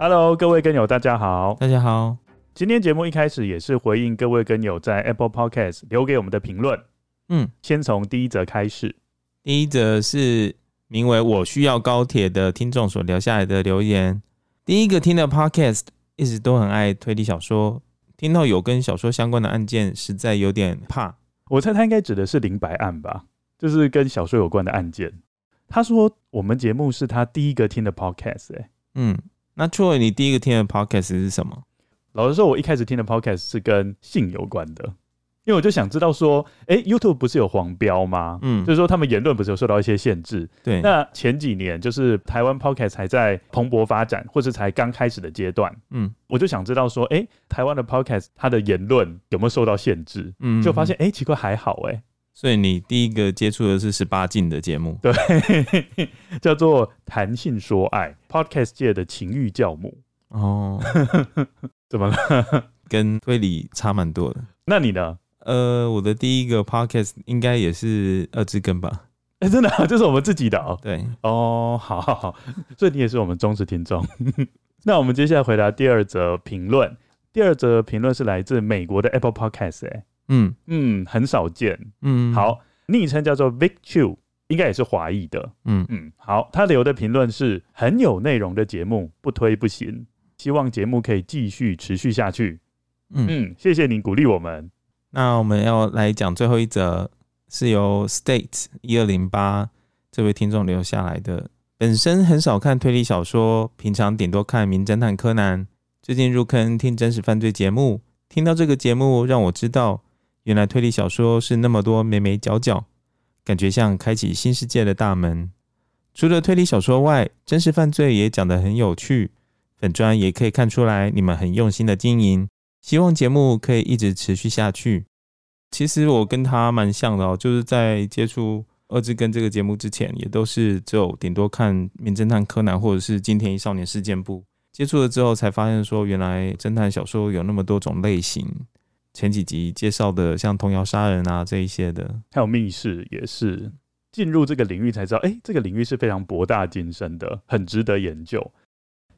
Hello，各位根友，大家好。大家好，今天節目一開始也是回應各位根友在 Apple Podcast 留給我們的評論。嗯，先從第一則開始。第一則是名為“我需要高鐵”的聽眾所留下來的留言。第一個聽的 Podcast 一直都很愛推理小說，聽到有跟小說相關的案件，實在有點怕。我猜他應該指的是林白案吧，就是跟小說有關的案件。他說我們節目是他第一個聽的 Podcast，欸，嗯。那 Troy 你第一個聽的 podcast 是什麼？老實說，我一開始聽的 podcast 是跟性有關的，因為我就想知道說，哎、欸、，YouTube 不是有黃標嗎？嗯，就是說他們言論不是有受到一些限制？對。那前幾年就是台灣 podcast 還在蓬勃發展，或是才剛開始的階段，嗯，我就想知道說，哎、欸，台灣的 podcast 它的言論有沒有受到限制？嗯，嗯，就發現，哎、欸，奇怪，還好、欸，哎。所以你第一個接觸的是十八禁的節目。對，對，叫做《談性說愛》Podcast 界的情欲教母哦， 怎麼了？跟推理差蠻多的。那你呢？呃，我的第一個 Podcast 應該也是惡之根吧？欸、真的，這、就是我們自己的哦、喔。對，哦，好好好，所以你也是我們忠實聽眾。 那我們接下來回答第二則評論。第二則評論是來自美國的 Apple Podcast，欸嗯嗯，很少見。嗯，好，昵稱叫做 Victue 應該也是華裔的。嗯嗯，好，他留的評論是很有內容的節目，不推不行，希望節目可以繼續持續下去。嗯嗯，謝謝您鼓勵我們。那我們要來講最後一則，是由 State 1208這位聽眾留下來的。本身很少看推理小說，平常頂多看名偵探柯南，最近入坑聽真實犯罪節目，聽到這個節目讓我知道，原來推理小說是那麼多眉眉角角，感覺像開啟新世界的大門。除了推理小說外，真實犯罪也講得很有趣。粉專也可以看出來，你們很用心的經營，希望節目可以一直持續下去。其實我跟他蠻像的哦，就是在接觸惡之根這個節目之前，也都是只有頂多看《名偵探柯南》或者是《金田一少年事件簿》。接觸了之後，才發現說原來偵探小說有那麼多種類型。前幾集介紹的像童謠殺人啊，這一些的，還有密室也是進入這個領域才知道，哎、欸，這個領域是非常博大精深的，很值得研究。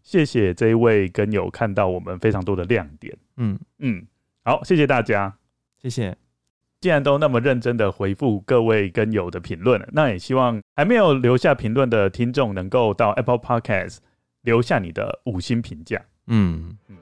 謝謝這一位根友看到我們非常多的亮點。嗯嗯，好，謝謝大家，謝謝。既然都那麼認真的回復各位根友的評論，那也希望還沒有留下評論的聽眾能夠到 Apple Podcast 留下你的五星評價。嗯嗯。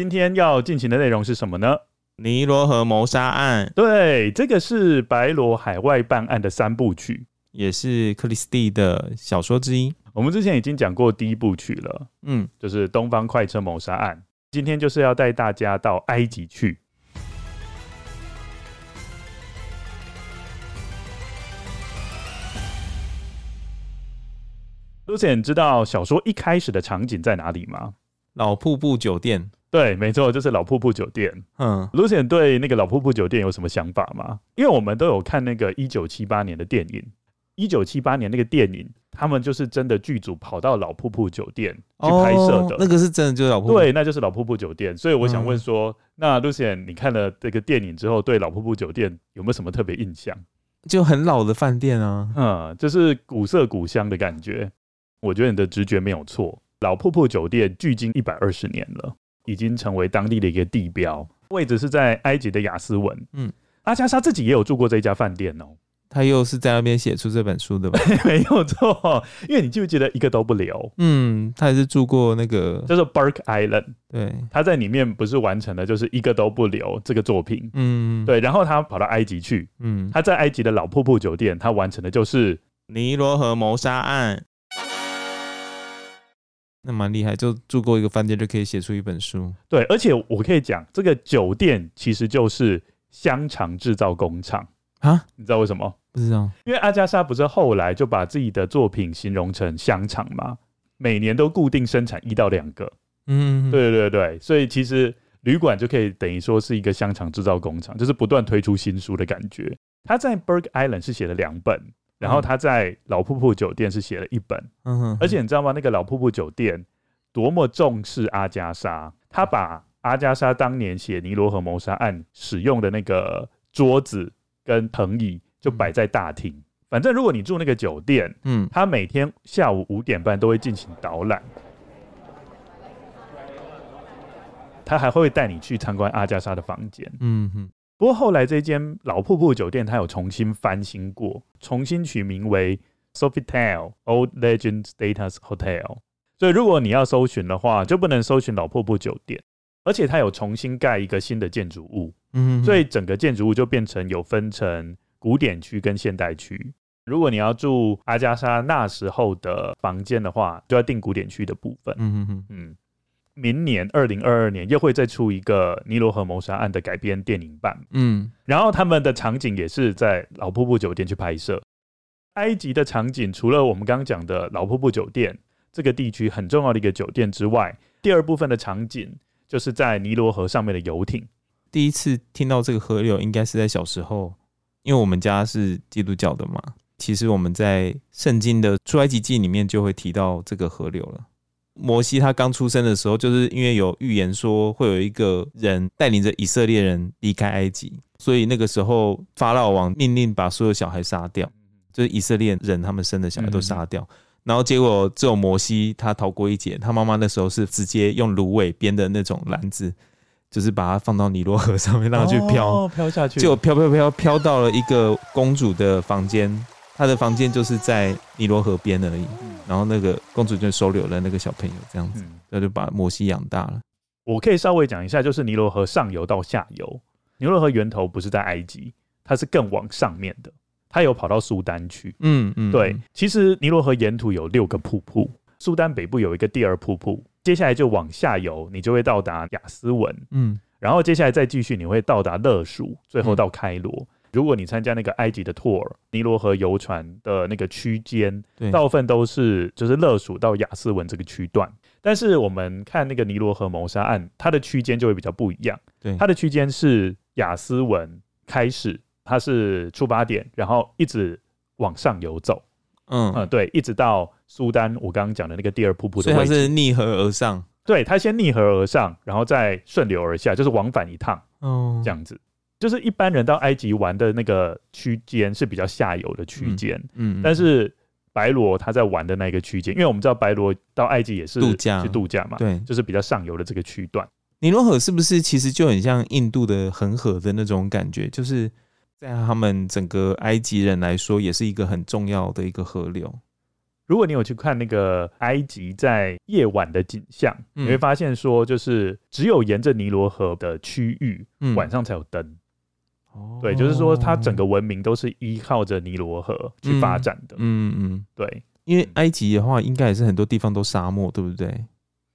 今天要進行的內容是什麼呢？尼羅河謀殺案，對，這個是白羅海外辦案的三部曲，也是克里斯蒂的小說之一。我們之前已經講過第一部曲了，嗯，就是《東方快車謀殺案》。今天就是要帶大家到埃及去。Lucien 你知道小說一開始的場景在哪裡嗎？老瀑布酒店。對，沒錯，就是老瀑布酒店。嗯，Lucien 對那個老瀑布酒店有什麼想法嗎？因為我們都有看那個一九七八年的電影，一九七八年那個電影，他們就是真的劇組跑到老瀑布酒店去拍攝的。哦，那個是真的，就是老瀑布。對，那就是老瀑布酒店。所以我想問說，嗯，那 Lucien，你看了這個電影之後，對老瀑布酒店有沒有什麼特別印象？就很老的飯店啊，嗯，就是古色古香的感覺。我覺得你的直覺沒有錯，老瀑布酒店距今一百二十年了。已經成為當地的一個地標，位置是在埃及的亞斯文。嗯，阿嘉莎自己也有住過這家飯店哦，他又是在那邊寫出這本書的吧？ 沒有錯，因為你記不記得一個都不留？嗯，他還是住過那個叫做、就是、Bark Island。對，他在裡面不是完成的，就是一個都不留這個作品。嗯，對，然後他跑到埃及去，嗯，他在埃及的老瀑布酒店，他完成的就是尼羅河謀殺案。那蠻厲害，就住過一個飯店就可以寫出一本書。對，而且我可以講，這個酒店其實就是香腸製造工廠啊！你知道為什麼？不知道？因為阿加莎不是後來就把自己的作品形容成香腸嗎？每年都固定生產一到兩個。嗯哼哼，對對對對，所以其實旅館就可以等於說是一個香腸製造工廠，就是不斷推出新書的感覺。他在 Burgh Island 是寫了兩本。然後他在老瀑布酒店是寫了一本，而且你知道嗎？那個老瀑布酒店多麼重視阿嘉莎，他把阿嘉莎當年寫《尼羅河謀殺案》使用的那個桌子跟藤椅就擺在大廳。反正如果你住那個酒店，嗯，他每天下午五點半都會進行導覽，他還會帶你去參觀阿嘉莎的房間，嗯哼。不過後來這間老瀑布酒店它有重新翻新過，重新取名為 Sofitel Old Legends Status Hotel，所以如果你要搜尋的話，就不能搜尋老瀑布酒店，而且它有重新蓋一個新的建築物、嗯哼哼，所以整個建築物就變成有分成古典區跟現代區。如果你要住阿加莎那時候的房間的話，就要定古典區的部分，嗯嗯嗯。明年二零二二年又會再出一個尼羅河謀殺案的改編電影版，嗯，然後他們的場景也是在老瀑布酒店去拍攝。埃及的場景除了我們剛剛講的老瀑布酒店這個地區很重要的一個酒店之外，第二部分的場景就是在尼羅河上面的遊艇。第一次聽到這個河流，應該是在小時候，因為我們家是基督教的嘛。其實我們在聖經的出埃及記裡面就會提到這個河流了。摩西他剛出生的時候，就是因為有預言說會有一個人帶領着以色列人離開埃及，所以那個時候法老王命令把所有小孩殺掉，就是以色列人他們生的小孩都殺掉。嗯。然後結果只有摩西他逃過一劫，他媽媽那時候是直接用蘆葦編的那種籃子，就是把它放到尼羅河上面讓它去漂。哦，漂下去，就漂漂漂漂到了一個公主的房間。他的房間就是在尼羅河邊而已，然後那個公主就收留了那個小朋友，這樣子、嗯，他就把摩西養大了。我可以稍微講一下，就是尼羅河上游到下游，尼羅河源頭不是在埃及，它是更往上面的，它有跑到蘇丹去。嗯嗯，對。嗯、其實尼羅河沿途有六個瀑布，蘇丹北部有一個第二瀑布，接下來就往下游，你就會到達亞斯文。嗯，然後接下來再繼續，你會到達樂蜀，最後到開羅。嗯嗯如果你參加那個埃及的 tour，尼羅河遊船的那個區間，大部分都是就是樂蜀到亞斯文這個區段。但是我們看那個尼羅河謀殺案，它的區間就會比較不一樣。它的區間是亞斯文開始，它是出發點，然後一直往上游走。嗯，嗯對，一直到蘇丹。我剛剛講的那個第二瀑布的位置，它是逆河而上。對，它先逆河而上，然後再順流而下，就是往返一趟。嗯、哦，這樣子。就是一般人到埃及玩的那個區間是比較下游的區間。嗯，嗯，但是白羅他在玩的那個區間，因為我們知道白羅到埃及也是度假，去度假嘛，度假，對，就是比較上游的這個區段。尼羅河是不是其實就很像印度的恆河的那種感覺？就是在他們整個埃及人來說，也是一個很重要的一個河流。如果你有去看那個埃及在夜晚的景象，嗯，你會發現說，就是只有沿着尼羅河的區域，嗯，晚上才有燈。對，就是說，它整個文明都是依靠着尼羅河去發展的。嗯嗯，嗯，對，因為埃及的話，應該也是很多地方都沙漠，對不對？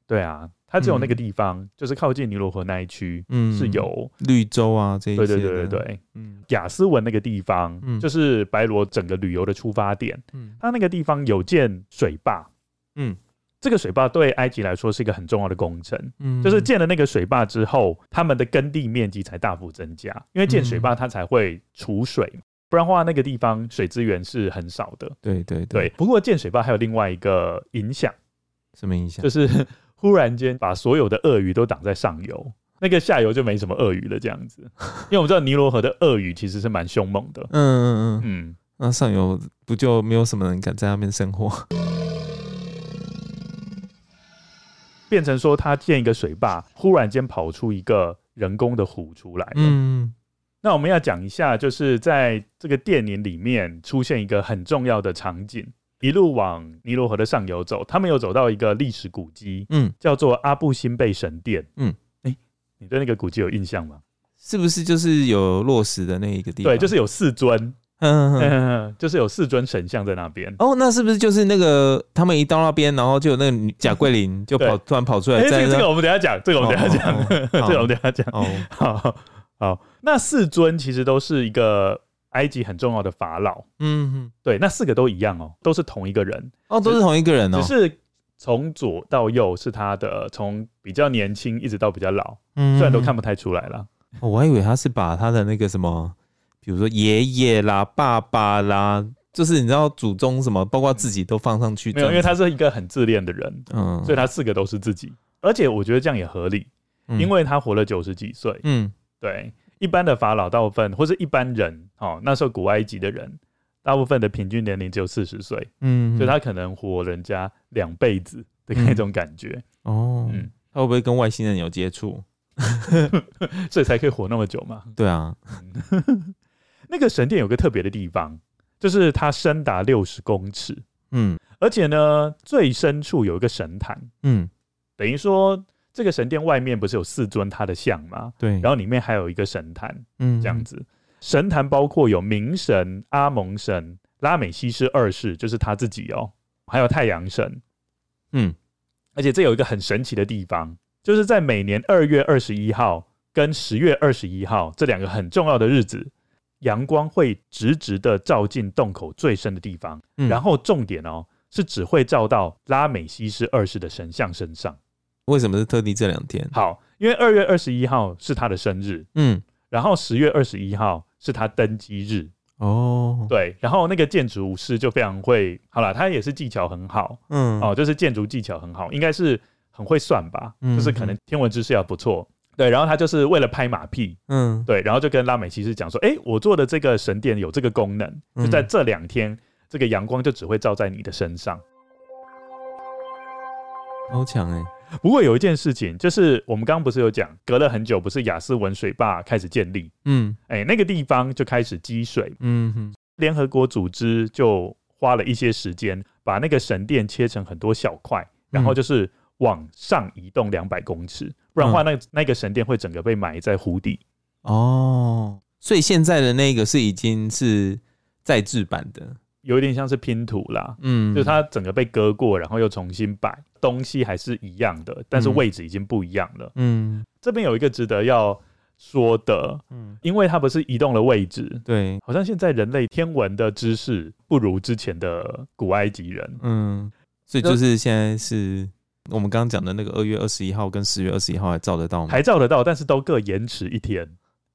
對啊，它只有那個地方，嗯，就是靠近尼羅河那一區，嗯，是有綠洲啊，這一些。對對對對對，嗯，亞斯文那個地方，嗯，就是白羅整個旅遊的出發點，嗯，它那個地方有建水壩，嗯。這個水壩對埃及來說是一個很重要的工程，嗯，就是建了那個水壩之後，他們的耕地面積才大幅增加，因為建水壩它才會儲水，嗯，不然的話那個地方水資源是很少的。對對對。對，不過建水壩還有另外一個影響，什麼影響？就是忽然間把所有的鱷魚都擋在上游，那個下游就沒什麼鱷魚了。這樣子， 因為我們知道尼羅河的鱷魚其實是蠻兇猛的。嗯嗯嗯嗯。那上游不就沒有什麼人敢在那邊生活？變成說，他建一個水壩，忽然間跑出一個人工的湖出來。嗯，那我們要講一下，就是在這個電影裡面出現一個很重要的場景，一路往尼羅河的上游走，他們又走到一個歷史古蹟，嗯，叫做阿布辛貝神殿。嗯、欸，你對那個古蹟有印象嗎？是不是就是有落石的那一個地方？對，就是有四尊。嗯 嗯，就是有四尊神像在那邊哦，oh, 那是不是就是那個他們一到那邊，然後就有那個賈桂林 就跑突然跑出來？欸、來這個這個我們等下講，這個我們等一下講，oh, 這個我們等一下講。Oh, 呵呵好，好, oh. 好，好，那四尊其實都是一個埃及很重要的法老，嗯、oh.，對，那四個都一樣哦、喔，都是同一個人，哦、oh,，都是同一個人哦、喔，只是從左到右是他的，從比較年輕一直到比較老，嗯、oh.，雖然都看不太出來啦，oh, 我還以為他是把他的那個什麼。比如說爺爺啦、爸爸啦，就是你知道祖宗什麼，包括自己都放上去、嗯。沒有，因為他是一個很自戀的人，嗯，所以他四個都是自己。而且我覺得這樣也合理，因為他活了九十幾歲，嗯，對。一般的法老大部分，或是一般人，哦、喔，那時候古埃及的人，大部分的平均年齡只有四十歲，嗯，所以他可能活人家兩輩子的那種感覺、嗯。哦，嗯，他會不會跟外星人有接觸， 所以才可以活那麼久嘛？對啊。嗯 這、那個神殿有個特別的地方，就是它深達六十公尺，嗯，而且呢，最深處有一個神壇，嗯，等於說這個神殿外面不是有四尊他的像嗎？對，然後裡面還有一個神壇，嗯，這樣子，神壇包括有冥神、阿蒙神、拉美西斯二世，就是他自己哦、喔，還有太陽神，嗯，而且這有一個很神奇的地方，就是在每年二月二十一號跟十月二十一號這兩個很重要的日子。陽光會直直的照進洞口最深的地方，嗯、然後重點哦是只會照到拉美西斯二世的神像身上。為什麼是特地這兩天？好，因為二月二十一號是他的生日，嗯，然後十月二十一號是他登基日。哦，對，然後那個建築師就非常會好啦，他也是技巧很好，嗯，哦，就是建築技巧很好，應該是很會算吧，嗯、就是可能天文知識要不錯。對，然後他就是為了拍馬屁，嗯，對，然後就跟拉美西斯講說：“哎，我做的這個神殿有這個功能，就在這兩天，嗯、這個陽光就只會照在你的身上，超強哎！不過有一件事情，就是我們剛剛不是有講，隔了很久，不是雅斯文水壩開始建立，嗯，哎，那個地方就開始積水，嗯哼，聯合國組織就花了一些時間，把那個神殿切成很多小塊，然後就是。嗯”往上移動兩百公尺，不然的話那、嗯、那個神殿會整個被埋在湖底。哦，所以現在的那個是已經是再制版的，有一點像是拼圖啦。嗯，就它整個被割過，然後又重新擺，東西還是一樣的，但是位置已經不一樣了。嗯，這邊有一個值得要說的，嗯，因為它不是移動的位置，對、嗯，好像現在人類天文的知識不如之前的古埃及人。嗯，所以就是現在是。我們剛剛講的那個二月二十一號跟十月二十一號還照得到嗎？還照得到，但是都各延遲一天，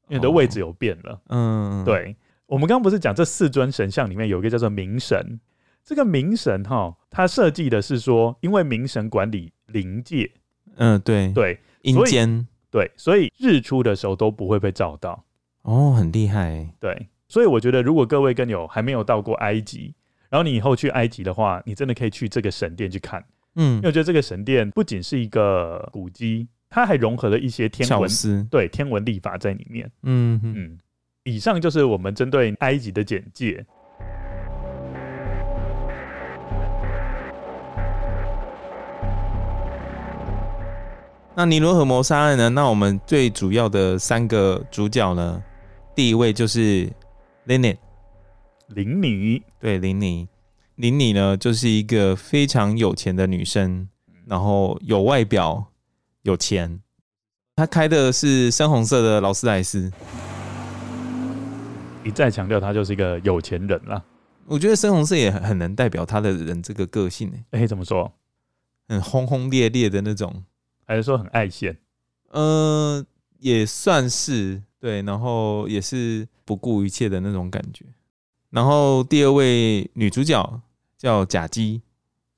因為你的位置有變了。哦。嗯，對。我們剛剛不是講這四尊神像裡面有一個叫做冥神，這個冥神哈，它設計的是說，因為冥神管理靈界，嗯，對對，陰間，對，所以日出的時候都不會被照到。哦，很厲害。對，所以我覺得如果各位根友還沒有到過埃及，然後你以後去埃及的話，你真的可以去這個神殿去看。嗯，因為我覺得這個神殿不僅是一個古蹟，它還融合了一些天文，對天文歷法在裡面。嗯哼嗯，以上就是我們針對埃及的簡介。那尼羅河謀殺案呢？那我們最主要的三個主角呢？第一位就是 Linn，琳妮，對琳妮。琳妮呢，就是一個非常有錢的女生，然後有外表，有錢。她開的是深紅色的勞斯萊斯。一再強調她就是一個有錢人啦。我覺得深紅色也很能代表她的人這個個性誒、欸。哎、欸，怎麼說？很轟轟烈烈的那種，還是說很愛現？嗯、呃，也算是對，然後也是不顧一切的那種感覺。然後第二位女主角，叫賈姬，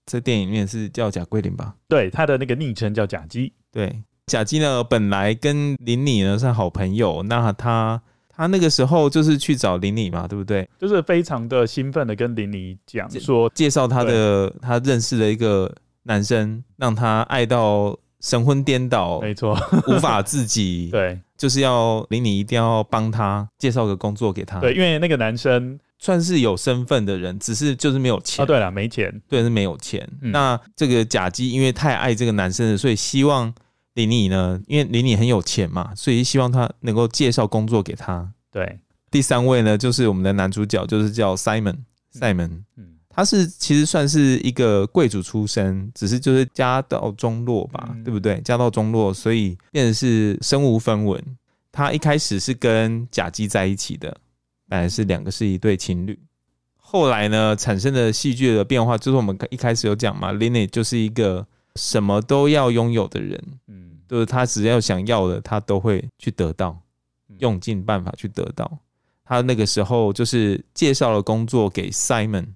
這電影裡面是叫賈桂林吧？對，他的那個昵稱叫賈姬。對，賈姬呢，本來跟琳妮呢是好朋友。那他他那個時候就是去找琳妮嘛，對不對？就是非常的興奮的跟琳妮講說，介紹他的他認識的一個男生，讓他愛到神魂顛倒。沒錯， 無法自己。對，就是要琳妮一定要幫他介紹個工作給他。對，因為那個男生。算是有身份的人，只是就是沒有錢啊。對了，沒錢，對是沒有錢。嗯、那這個賈姬因為太愛這個男生了，所以希望琳妮呢，因為琳妮很有錢嘛，所以希望他能夠介紹工作給他。對，第三位呢，就是我們的男主角，就是叫 Simon，Simon Simon、嗯。他是其實算是一個貴族出身，只是就是家道中落吧，嗯、對不對？家道中落，所以變得是身無分文。他一開始是跟賈姬在一起的。本來是兩個是一對情侶，後來呢產生的戲劇的變化，就是我們一開始有講嘛，Linnet 就是一個什麼都要擁有的人，嗯，就是他只要想要的，他都會去得到，嗯、用盡辦法去得到。他那個時候就是介紹了工作給 Simon，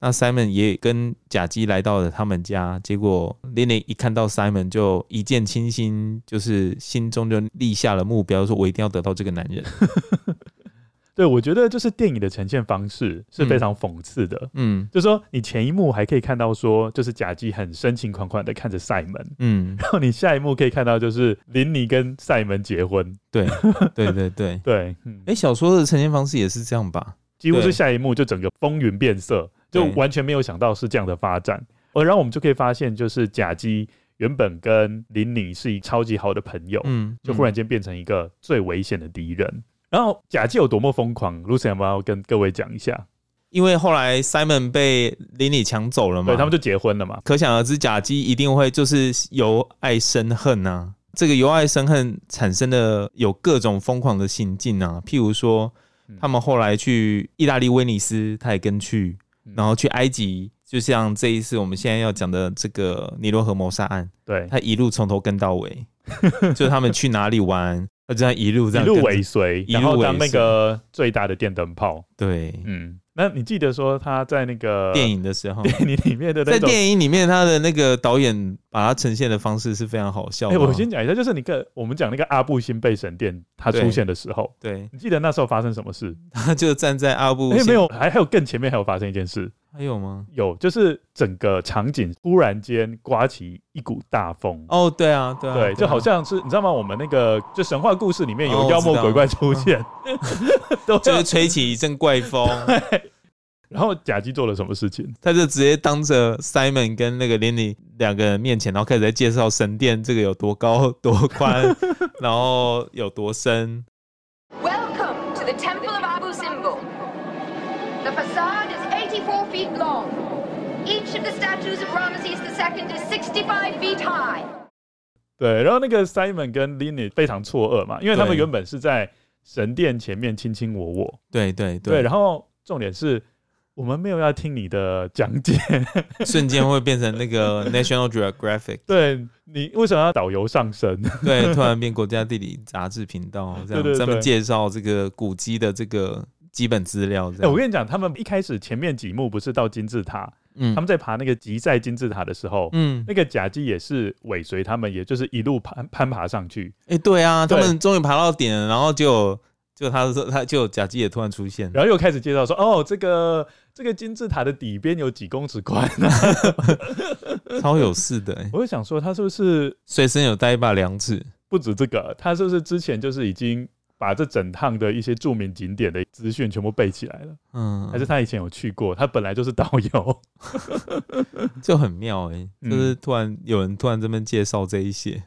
那 Simon 也跟賈姬來到了他們家，結果 Linnet 一看到 Simon 就一見傾心，就是心中就立下了目標，就是、說我一定要得到這個男人。 對，我覺得就是電影的呈現方式是非常諷刺的嗯，嗯，就是說你前一幕還可以看到說，就是賈姬很深情款款的看着賽門，嗯，然後你下一幕可以看到就是琳妮跟賽門結婚，對，對對對 對，哎、嗯欸，小說的呈現方式也是這樣吧？幾乎是下一幕就整個風雲變色，就完全沒有想到是這樣的發展，而然後我們就可以發現，就是賈姬原本跟琳妮是一超級好的朋友，嗯，就忽然間變成一個最危險的敵人。嗯嗯然後，賈姬有多麼瘋狂？Lucien 要不要跟各位講一下？因為後來 Simon 被琳妮搶走了嘛，對，他們就結婚了嘛。可想而知，賈姬一定會就是由愛生恨啊。這個由愛生恨產生的有各種瘋狂的行徑啊。譬如說，他們後來去意大利威尼斯，他也跟去，然後去埃及，就像這一次我們現在要講的這個尼羅河謀殺案。對，他一路從頭跟到尾， 就是他們去哪裡玩。 他這樣一路這樣一路尾隨，然後當那個最大的電燈泡。對，嗯，那你記得說他在那個電影的時候，你裡面的那在電影裡面，他的那個導演把他呈現的方式是非常好笑。欸，我先講一下，就是那個我們講那個阿布辛貝神殿，他出現的時候，對，對你記得那時候發生什麼事？他就站在阿布，欸，沒有，還還有更前面還有發生一件事。還有嗎？有，就是整個場景忽然間颳起一股大風。哦、oh, 啊，對啊，對，對啊、就好像是你知道嗎？我們那個就神話故事裡面有妖魔鬼怪出現，oh, 對啊、就是吹起一陣怪風。 然後賈姬做了什麼事情？他就直接當着 Simon 跟那個 Linnet 兩個人面前，然後開始在介紹神殿這個有多高、多寬， 然後有多深。Welcome to the Temple of Abu Simbel. The facade. 對，然後那個 Simon 跟 Linnet 非常錯愕嘛，因為他們原本是在神殿前面卿卿我我。對對對,對，然後重點是，我們沒有要聽你的講解，瞬間會變成那個 National Geographic。 對你為什麼要導遊上身？對，突然變國家地理雜志頻道這樣，專門介紹這個古蹟的這個。基本資料、欸。我跟你講，他們一開始前面幾幕不是到金字塔？嗯、他們在爬那個吉薩金字塔的時候，嗯，那個賈姬也是尾隨他們，也就是一路攀攀爬上去。哎、欸，對啊，對他們終於爬到頂，然後就就他說他就賈姬也突然出現，然後又開始介紹說，哦，這個這個金字塔的底邊有幾公尺寬、啊？ 超有事的、欸！我就想說，他是不是隨身有帶一把量尺？不止這個，他是不是之前就是已經？把這整趟的一些著名景點的資訊全部背起來了，嗯，還是他以前有去過，他本來就是導遊， 就很妙哎，欸嗯，就是突然有人突然這邊介紹這一些，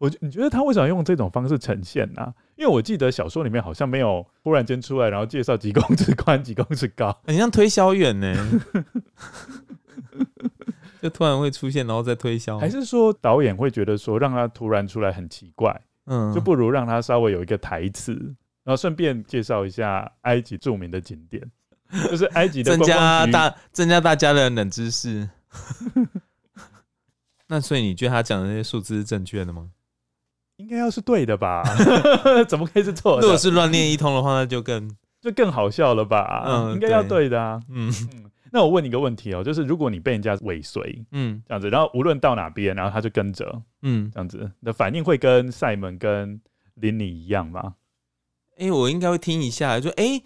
我你覺得他為什麼用這種方式呈現呢、啊？因為我記得小說裡面好像沒有忽然間出來，然後介紹幾公尺寬幾公尺高，很像推銷員呢、欸， 就突然會出現，然後再推銷。還是說導演會覺得說讓他突然出來很奇怪？嗯，就不如讓他稍微有一個台詞，然後順便介紹一下埃及著名的景點，就是埃及的增加大增加大家的冷知識。 那所以你覺得他講的那些數字是正確的嗎？應該要是對的吧？ 怎麼可以是錯的？ 如果是亂念一通的話，那就更就更好笑了吧？嗯，應該要對的啊。嗯。嗯那我問你一個問題哦，就是如果你被人家尾隨，嗯，這樣子，然後無論到哪邊，然後他就跟着，嗯，這樣子的反應會跟賽門跟琳妮一樣嗎？哎、欸，我應該會聽一下，就哎、欸，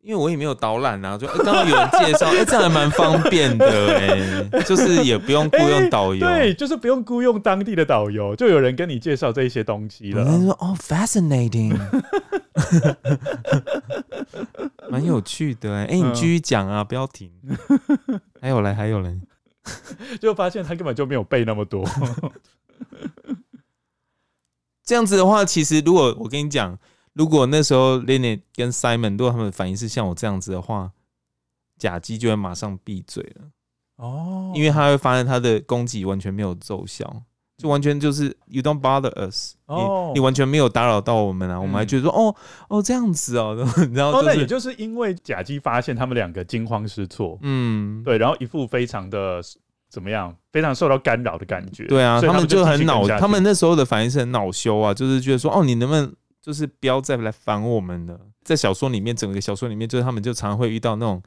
因為我也沒有導覽啊，就剛剛有人介紹，哎、 欸，這樣還蠻方便的、欸，哎， 就是也不用雇用導遊、欸，對，就是不用雇用當地的導遊，就有人跟你介紹這一些東西了。你說哦，fascinating。 蠻 有趣的哎、欸欸，你繼續講啊，不要停。嗯、 還有嘞，還有嘞， 就發現他根本就沒有背那麼多。 這樣子的話，其實如果我跟你講，如果那時候 Linnet 跟 Simon 如果他們反應是像我這樣子的話，賈姬就會馬上閉嘴了。哦，因為他會發現他的攻擊完全沒有奏效。就完全就是，you don't bother us，、哦、你你完全沒有打擾到我們啊、嗯，我們還覺得說，哦哦這樣子哦、喔，然後、就是、哦那也就是因為賈姬發現他們兩個驚慌失措，嗯對，然後一副非常的怎麼樣，非常受到干擾的感覺，對啊，他們，他們就很惱，他們那時候的反應是很惱羞啊，就是覺得說，哦你能不能就是不要再來煩我們了，在小說裡面整個小說裡面就是他們就常、常會遇到那種。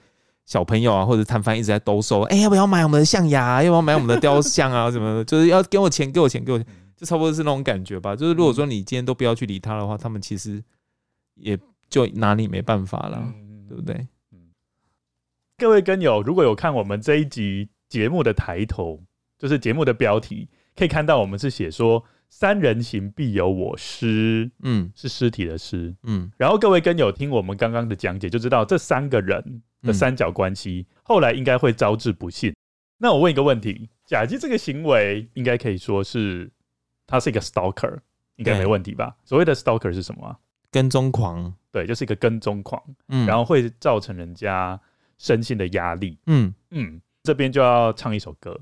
小朋友啊，或者攤販一直在兜售，哎、欸，要不要買我們的象牙？啊？要不要買我們的雕像啊？什麼的？ 就是要給我錢，給我錢，給我錢，就差不多是那種感覺吧。就是如果說你今天都不要去理他的話，他們其實也就拿你沒辦法了、嗯嗯，對不對？各位跟友，如果有看我們這一集節目的抬頭，就是節目的標題，可以看到我們是寫說“三人行必有我師”，嗯，是屍體的屍，嗯。然後各位跟友聽我們剛剛的講解，就知道這三個人。的三角關係、嗯，後來應該會招致不幸。那我問一個問題：賈姬這個行為應該可以說是他是一個 stalker，應該沒問題吧？所謂的 stalker 是什麼、啊？跟蹤狂，對，就是一個跟蹤狂，嗯、然後會造成人家身心的壓力。嗯嗯，這邊就要唱一首歌，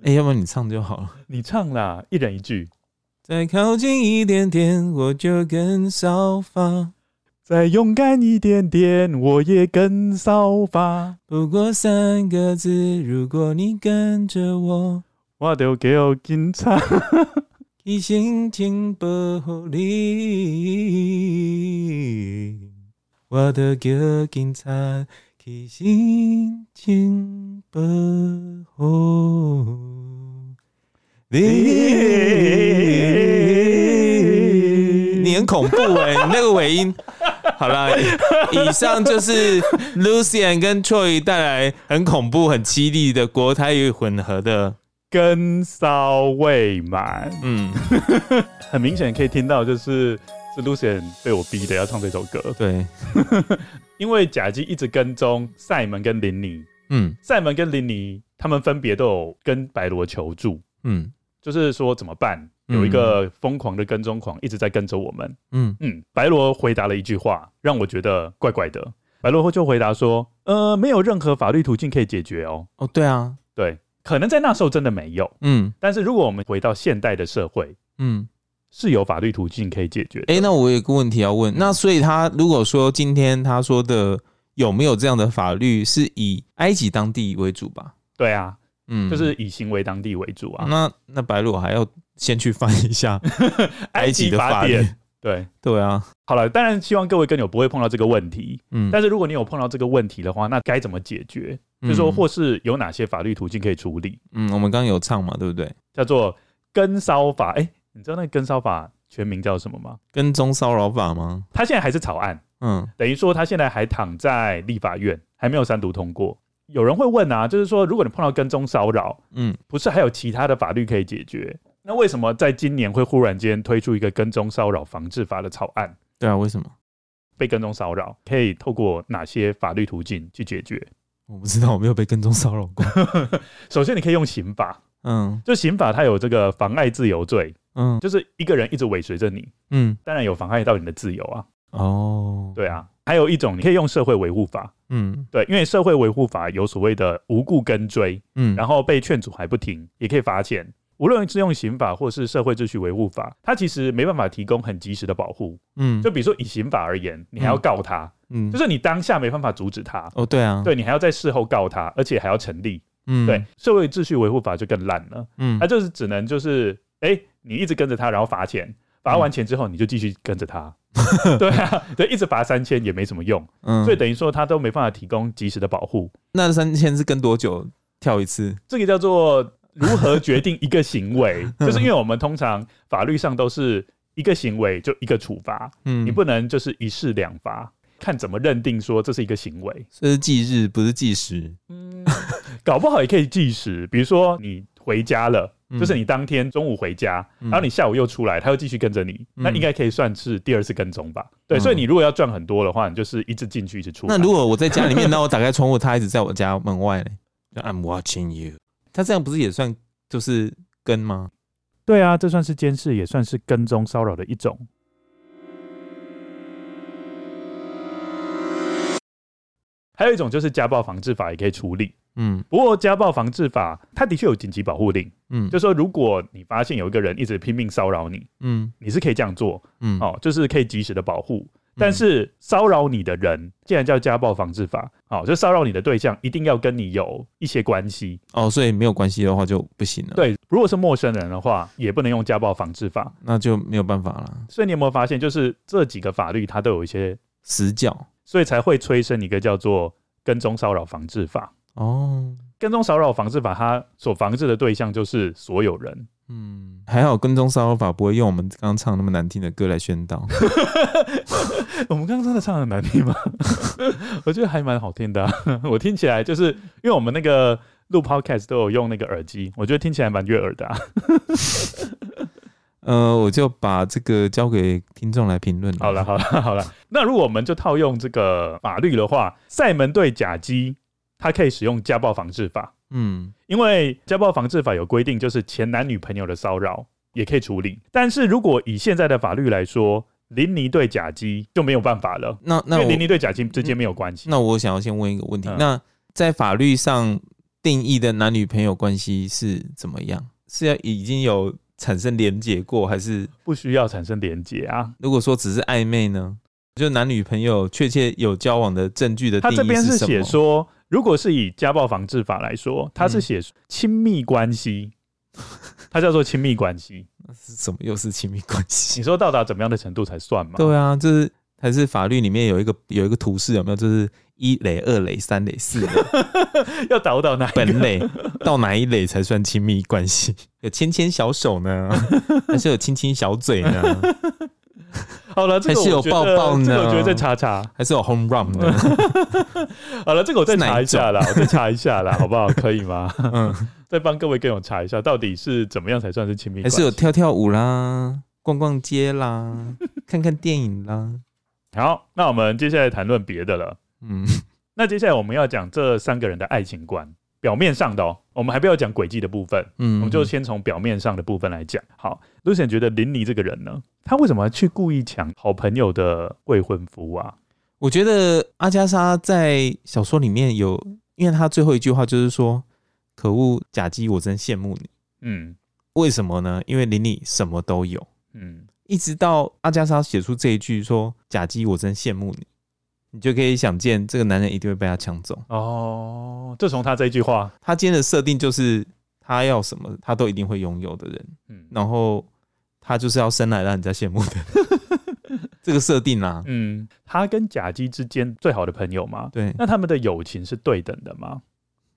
哎、 欸，要不然你唱就好了，你唱啦，一人一句。再靠近一點點，我就跟掃發再勇敢一點點，我也跟上發不過三個字，如果你跟着我，我就叫警察去行政不好你。我就叫警察去行政不好你。你很恐怖哎、欸， 你那個尾音。 好啦，以上就是 Lucien 跟 Troy 帶來很恐怖、很淒厲的國台語混合的《根騷未滿》。嗯， 很明顯可以聽到，就是是 Lucien 被我逼的要唱這首歌。對， 因為賈姬一直跟蹤賽門跟琳妮。嗯，賽門跟琳妮他們分別都有跟白羅求助。嗯，就是說怎麼辦？有一個瘋狂的跟蹤狂一直在跟着我們。嗯嗯，白羅回答了一句話，讓我覺得怪怪的。白羅就回答說：“呃，沒有任何法律途徑可以解決哦。”“哦，對啊，對，可能在那時候真的沒有。嗯，但是如果我們回到現代的社會，嗯，是有法律途徑可以解決。欸”“哎，那我有個問題要問。那所以他如果說今天他說的有沒有這樣的法律，是以埃及當地為主吧？”“對啊。”嗯、就是以行為當地為主啊，那那那白羅還要先去翻一下 埃及法 埃及的法典。對對啊。好了，當然希望各位跟友不會碰到這個問題。嗯。但是如果你有碰到這個問題的話，那該怎麼解決？就是、說或是有哪些法律途徑可以處理？嗯，嗯，我們剛剛有唱嘛，對不對？叫做跟騷法。哎、欸，你知道那跟騷法全名叫什麼嗎？跟蹤騷擾法嗎？它現在還是草案。嗯。等於說，它現在還躺在立法院，還沒有三讀通過。有人會問啊，就是說，如果你碰到跟蹤騷擾，嗯，不是還有其他的法律可以解決？那為什麼在今年會忽然間推出一個跟蹤騷擾防治法的草案？對啊，為什麼被跟蹤騷擾可以透過哪些法律途徑去解決？我不知道，我沒有被跟蹤騷擾過。首先，你可以用刑法，嗯，就刑法它有這個妨礙自由罪，嗯，就是一個人一直尾隨着你，嗯，當然有妨礙到你的自由啊。哦，對啊。還有一種，你可以用社會維護法，嗯，對，因為社會維護法有所謂的無故跟追，嗯，然後被勸阻還不停，也可以罰錢。無論是用刑法或是社會秩序維護法，它其實沒辦法提供很及時的保護，嗯，就比如說以刑法而言，你還要告他，嗯，就是你當下沒辦法阻止他，哦，對啊，對，你還要在事後告他，而且還要成立，嗯，對，社會秩序維護法就更爛了，嗯，那就是只能就是，欸，你一直跟着他，然後罰錢，罰完錢之後你就繼續跟着他。嗯 對啊，對，一直罰三千也沒什麼用，嗯、所以等於說他都沒辦法提供及時的保護。那三千是跟多久跳一次？這個叫做如何決定一個行為， 就是因為我們通常法律上都是一個行為就一個處罰，嗯，你不能就是一事兩罰，看怎麼認定說這是一個行為。這是計日，不是計時，嗯， 搞不好也可以計時，比如說你回家了。嗯、就是你當天中午回家，然後你下午又出來，嗯、他又繼續跟着你、嗯，那應該可以算是第二次跟蹤吧？對，嗯、所以你如果要賺很多的話，你就是一直進去，一直出。那如果我在家裡面，那 我打開窗戶，他一直在我家門外呢 ，I'm watching you，他這樣不是也算就是跟嗎？對啊，這算是監視，也算是跟蹤騷擾的一種。還有一種就是家暴防治法也可以處理。嗯，不過家暴防治法它的確有緊急保護令，嗯，就是、說如果你發現有一個人一直拼命騷擾你，嗯，你是可以這樣做，嗯，哦，就是可以及時的保護、嗯。但是騷擾你的人既然叫家暴防治法，好、哦，就騷擾你的對象一定要跟你有一些關係哦，所以沒有關係的話就不行了。對，如果是陌生人的話，也不能用家暴防治法，那就沒有辦法了。所以你有沒有發現，就是這幾個法律它都有一些死角，所以才會催生一個叫做跟蹤騷擾防治法。哦、oh, 跟蹤騷擾防治法，它所防治的對象就是所有人。嗯，還好跟蹤騷擾法不會用我們剛剛唱那麼難聽的歌來宣導。 我們剛剛真的唱的難聽嗎？ 我覺得還蠻好聽的、啊。 我聽起來就是因為我們那個錄 Podcast 都有用那個耳機，我覺得聽起來蠻悅耳的、啊。 呃，我就把這個交給聽眾來評論。好了，好了，好了。那如果我們就套用這個法律的話，賽門對賈姬。他可以使用家暴防治法，嗯，因為家暴防治法有規定，就是前男女朋友的騷擾也可以處理。但是如果以現在的法律來說，琳妮對賈姬就沒有辦法了。那那因為琳妮對賈姬之間沒有關係、嗯。那我想要先問一個問題、嗯：那在法律上定義的男女朋友關係是怎麼樣？是要已經有產生連結過，還是不需要產生連結啊？如果說只是曖昧呢？就男女朋友確切有交往的證據的定義是什麼？如果是以家暴防治法來說，它是寫親密關係，嗯，它叫做親密關係，那什麼又是親密關係？你說到達怎麼樣的程度才算嘛？對啊，就是還是法律裡面有一個有一個圖示有沒有？就是一壘、二壘、三壘、四壘， 要到到哪本壘到哪一壘才算親密關係？有牽牽小手呢， 還是有親親小嘴呢？ 好了、這個，還是有抱抱、這個、我覺得再查查，還是有 home run 的 好了，這個我再查一下啦， 我再查一下啦，好不好？可以嗎？嗯，再幫各位給我查一下，到底是怎麼樣才算是親密？還是有跳跳舞啦、逛逛街啦、 看看電影啦。好，那我們接下來談論別的了。嗯，那接下來我們要講這三個人的愛情觀，表面上的哦、喔。我們還不要講詭計的部分，嗯，我們就先從表面上的部分來講。好、嗯，Lucien 覺得琳妮這個人呢，他為什麼要去故意搶好朋友的未婚夫啊？我覺得阿加莎在小說裡面有，因為他最後一句話就是說：“可惡，賈姬，我真羨慕你。”嗯，為什麼呢？因為琳妮什麼都有。嗯，一直到阿加莎寫出這一句說：“賈姬，我真羨慕你。”你就可以想見，這個男人一定會被他搶走哦。就從他這句話，他今天的設定就是他要什麼，他都一定會擁有的人。嗯、然後他就是要生來讓人家羨慕的 這個設定啊。嗯，他跟賈姬之間最好的朋友嗎？對，那他們的友情是對等的嗎？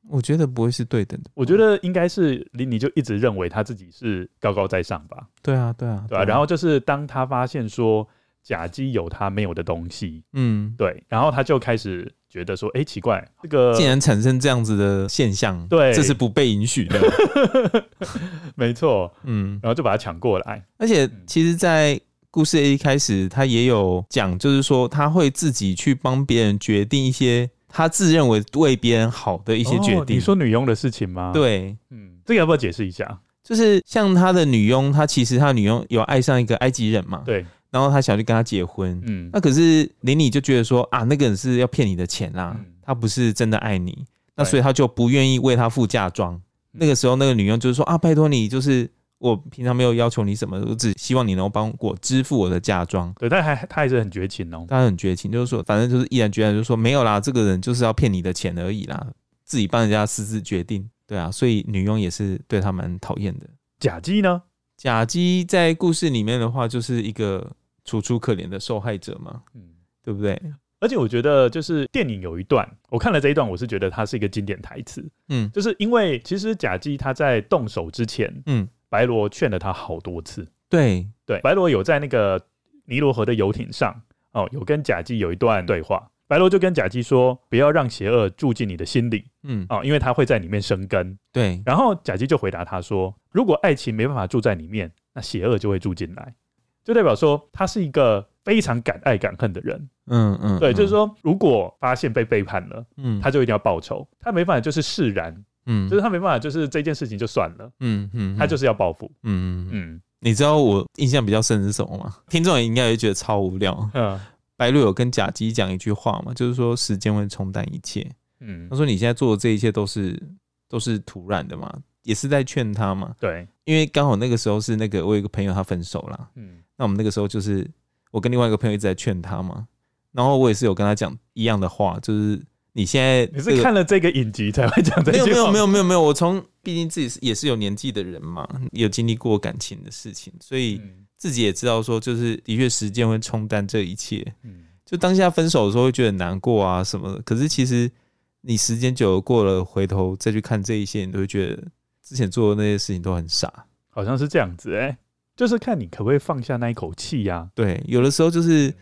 我覺得不會是對等的。我覺得應該是琳妮就一直認為他自己是高高在上吧。對啊，對啊，對啊，對啊，對啊，然後就是當他發現說。賈姬有他沒有的東西，嗯，對，然後他就開始覺得說，哎、欸，奇怪，這個竟然產生這樣子的現象，對，這是不被允許的， 沒錯，嗯，然後就把他搶過來。而且其實，在故事一開始，他也有講，就是說他會自己去幫別人決定一些他自認為為別人好的一些決定。哦、你說女傭的事情嗎？對，嗯，這個要不要解釋一下？就是像他的女傭，他其實他的女傭有愛上一個埃及人嘛？對。然後他想去跟他結婚，嗯，那、啊、可是琳妮就覺得說啊，那個人是要騙你的錢啦，嗯，他不是真的愛你，那所以他就不願意為他付嫁妝。那個時候，那個女傭就是說啊，拜托你，就是我平常沒有要求你什麼，我只希望你能夠幫我支付我的嫁妝。對，但還他也是很絕情哦，他很絕情，就是說反正就是毅然決然，就是說沒有啦，這個人就是要騙你的錢而已啦，自己幫人家私自決定，對啊，所以女傭也是對他蠻討厭的。賈姬呢？賈姬在故事裡面的話，就是一個。楚楚可憐的受害者嘛，嗯，對不對？而且我覺得，就是電影有一段，我看了這一段，我是覺得它是一個經典台詞，嗯，就是因為其實賈姬他在動手之前，嗯，白羅勸了他好多次，對對，白羅有在那個尼羅河的遊艇上，哦，有跟賈姬有一段對話，白羅就跟賈姬說，不要讓邪惡住進你的心裡，嗯哦，因為他會在裡面生根，對，然後賈姬就回答他說，如果愛情沒辦法住在裡面，那邪惡就會住進來。就代表說，他是一個非常敢愛敢恨的人，嗯，嗯嗯，對，就是說如果發現被背叛了，嗯，他就一定要報仇，他沒辦法就是釋然，嗯，就是他沒辦法就是這件事情就算了，嗯嗯，嗯，他就是要報復，嗯嗯，嗯，你知道我印象比較深是什麼嗎？嗯、聽眾也應該會覺得超無聊。嗯，白羅有跟賈姬講一句話嘛，就是說，時間會沖淡一切，嗯，他說你現在做的這一切都是都是徒然的嘛，也是在勸他嘛，對，因為剛好那個時候是那個我有一個朋友他分手了，嗯。那我們那個時候就是我跟另外一個朋友一直在勸他嘛，然後我也是有跟他講一樣的話，就是你現在你是看了這個影集才會講這些，沒有沒有沒有沒有沒有，我從畢竟自己也是有年紀的人嘛，有經歷過感情的事情，所以自己也知道說，就是的確時間會沖淡這一切。就當下分手的時候會覺得難過啊什麼的，可是其實你時間久了過了，回頭再去看這一些，你都會覺得之前做的那些事情都很傻。好像是這樣子哎、欸。就是看你可不可以放下那一口氣呀、啊？對，有的時候就是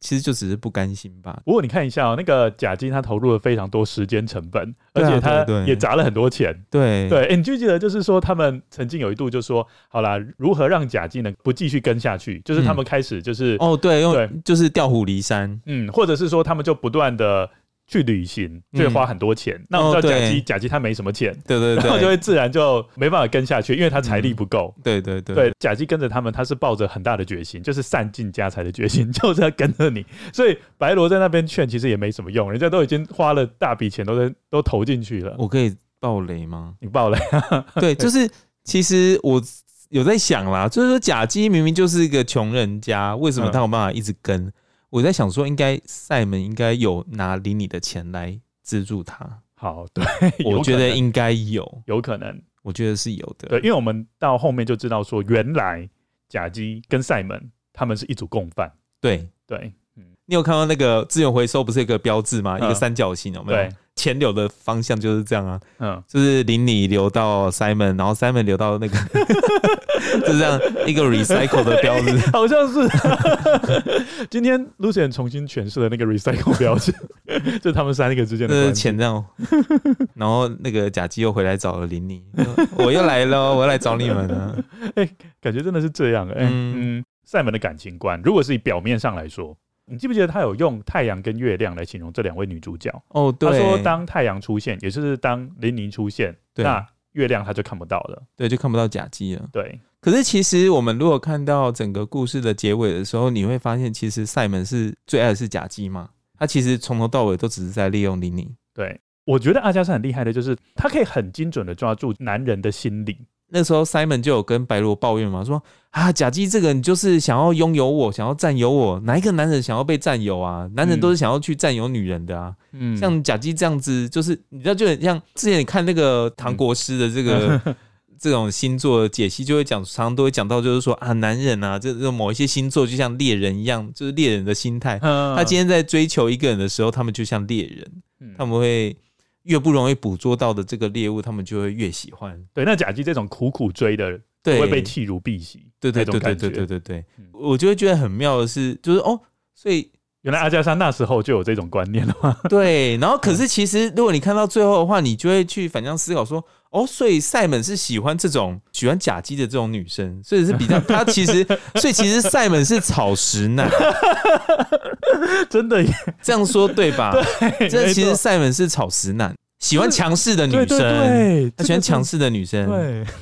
其實就只是不甘心吧。不、哦、過你看一下哦，那個賈姬他投入了非常多時間成本、啊，而且他也砸了很多錢。對對，對、欸，你就記得就是說他們曾經有一度就說，好啦，如何讓賈姬能不繼續跟下去？就是他們開始就是、嗯、哦對，對，用就是調虎離山，嗯，或者是說他們就不斷的。去旅行就會花很多錢，嗯，那我們知道賈姬，哦、賈姬他沒什麼錢，對對對，然後就會自然就沒辦法跟下去，因為他財力不夠，嗯。對對對，對，對，對，賈姬跟着他們，他是抱着很大的決心，就是散盡家財的決心，就是要跟着你。所以白羅在那邊勸，其實也沒什麼用，人家都已經花了大筆錢都，都在都投進去了。我可以爆雷嗎？你爆雷，啊？對， 對，就是其實我有在想啦，就是說賈姬明明就是一個窮人家，為什麼他有辦法一直跟？嗯我在想說，應該賽門應該有拿琳妮的錢來資助他。好，對，我覺得應該有，有可能，我覺得是有的。對，因為我們到後面就知道說，原來賈姬跟賽門他們是一組共犯。對對。你有看到那個資源回收不是一個標誌嗎？一個三角形有沒有？我們錢流的方向就是這樣啊。嗯，就是琳妮流到賽門，然後賽門流到那個，就是這樣一個 recycle 的標誌、嗯就是 欸，好像是。今天 Lucien 重新詮釋了那個 recycle 標誌，就是、他們三個之間的錢賬、那個。然後那個賈姬又回來找了琳妮。我又來了，我又來找你們了、啊。哎、欸，感覺真的是這樣。m 賽門的感情觀，如果是以表面上來說。你記不記得他有用太陽跟月亮來形容這兩位女主角？哦，對，他說當太陽出現，也就是當琳妮出現，那月亮他就看不到了，對，就看不到賈姬了。對，可是其實我們如果看到整個故事的結尾的時候，你會發現其實賽門是最愛的是賈姬嘛。他其實從頭到尾都只是在利用琳妮。對，我覺得阿嘉莎很厲害的就是他可以很精準的抓住男人的心理。那時候，Simon 就有跟白羅抱怨嘛，說啊，賈姬這個你就是想要擁有我，想要占有我，哪一個男人想要被占有啊？男人都是想要去占有女人的啊。嗯，像賈姬這樣子，就是你知道，就很像之前你看那個唐國師的這個、嗯、 這種星座的解析，就會講，常常都會講到，就是說啊，男人啊，這種某一些星座就像獵人一樣，就是獵人的心態、啊。他今天在追求一個人的時候，他們就像獵人，他們會。越不容易捕捉到的這個獵物，他們就會越喜歡。對，那賈姬這種苦苦追的人，會被棄如敝屣。對，對，對，對，對，對，對，對，對，對。我就會覺得很妙的是，就是哦，所以原來阿嘉莎那時候就有這種觀念了嗎？對。然後，可是其實如果你看到最後的話，嗯、你就會去反向思考說。哦，所以賽門是喜歡這種喜歡賈姬的這種女生，所以是比較他其實，所以其實賽門是草食男， 真的耶這樣說對吧？對，這其實賽門是草食男，喜歡強勢的女生，對對對，喜歡強勢的女生，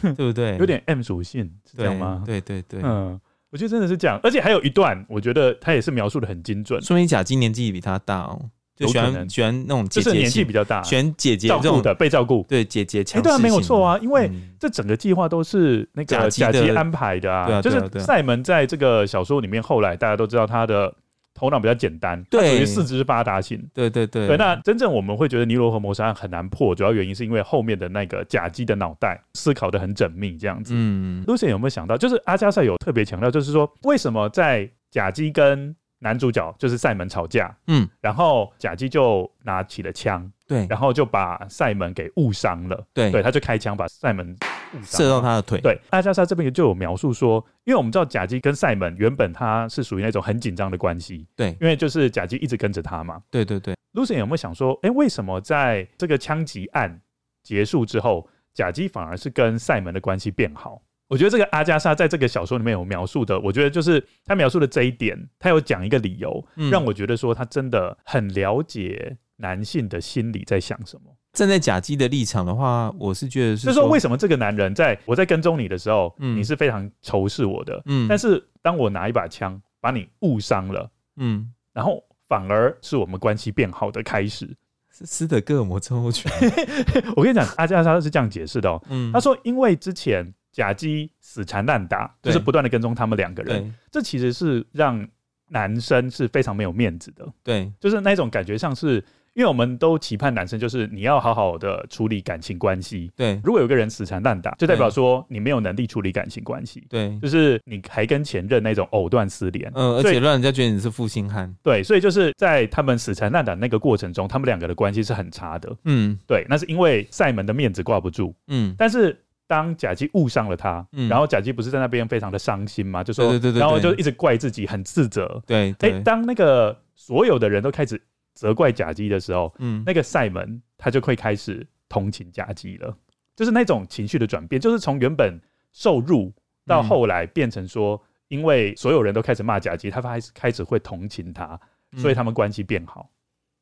這個，對，對不對？有點 M 屬性知道嗎？對對對，對，嗯，我覺得真的是這樣，而且還有一段，我覺得他也是描述得很精準。說明賈姬年紀比他大哦。有，選選那種就是年紀比較大，選姐姐，選姐姐照顧的被照顧。對，姐姐強，對啊，沒有錯啊，因為這整個計劃都是那個賈姬安排的啊。的就是賽門在這個小說裡面，後來大家都知道他的頭腦比較簡單，屬於四肢發達型。對對對、對、對。那真正我們會覺得尼羅河謀殺案很難破，主要原因是因為後面的那個賈姬的腦袋思考的很縝密，這樣子。Lucien、嗯、有沒有想到，就是阿嘉莎有特別強調，就是說為什麼在賈姬跟男主角就是賽門吵架，嗯，然後賈姬就拿起了槍，對，然後就把賽門給誤傷了，對，對，他就開槍把賽門射到他的腿。對，阿嘉莎這邊也就有描述說，因為我們知道賈姬跟賽門原本他是屬於那種很緊張的關係，對，因為就是賈姬一直跟着他嘛，對對對。Lucien 有沒有想說，哎，為什麼在這個槍擊案結束之後，賈姬反而是跟賽門的關係變好？我覺得這個阿加莎在這個小說裡面有描述的，我覺得就是他描述的這一點，他有講一個理由，讓我覺得說他真的很了解男性的心理在想什麼。站在賈姬的立場的話，我是覺得，是。就是說為什麼這個男人在我在跟蹤你的時候，你是非常仇視我的，嗯，但是當我拿一把槍把你誤傷了，嗯，然後反而是我們關係變好的開始。斯德哥爾摩症候群，我跟你講，阿加莎是這樣解釋的哦、喔，他說因為之前。賈姬死纏爛打，就是不斷的跟蹤他們兩個人，這其實是讓男生是非常沒有面子的。對，就是那種感覺上是，因為我們都期盼男生就是你要好好的處理感情關係。對，如果有個人死纏爛打，就代表說你沒有能力處理感情關係。對，就是你還跟前任那種藕斷絲連，嗯、呃，而且讓人家覺得你是負心漢。對，所以就是在他們死纏爛打那個過程中，他們兩個的關係是很差的。嗯，對，那是因為賽門的面子掛不住。嗯，但是。當賈姬誤傷了他，嗯、然後賈姬不是在那邊非常的傷心嘛，就說對對對對對，然後就一直怪自己，很自責。對，對，對，欸、對，對，對，當那個所有的人都開始責怪賈姬的時候，嗯、那個賽門他就會開始同情賈姬了，就是那種情緒的轉變，就是從原本受辱到後來變成說，嗯、因為所有人都開始罵賈姬，他開始開始會同情他，所以他們關係變好。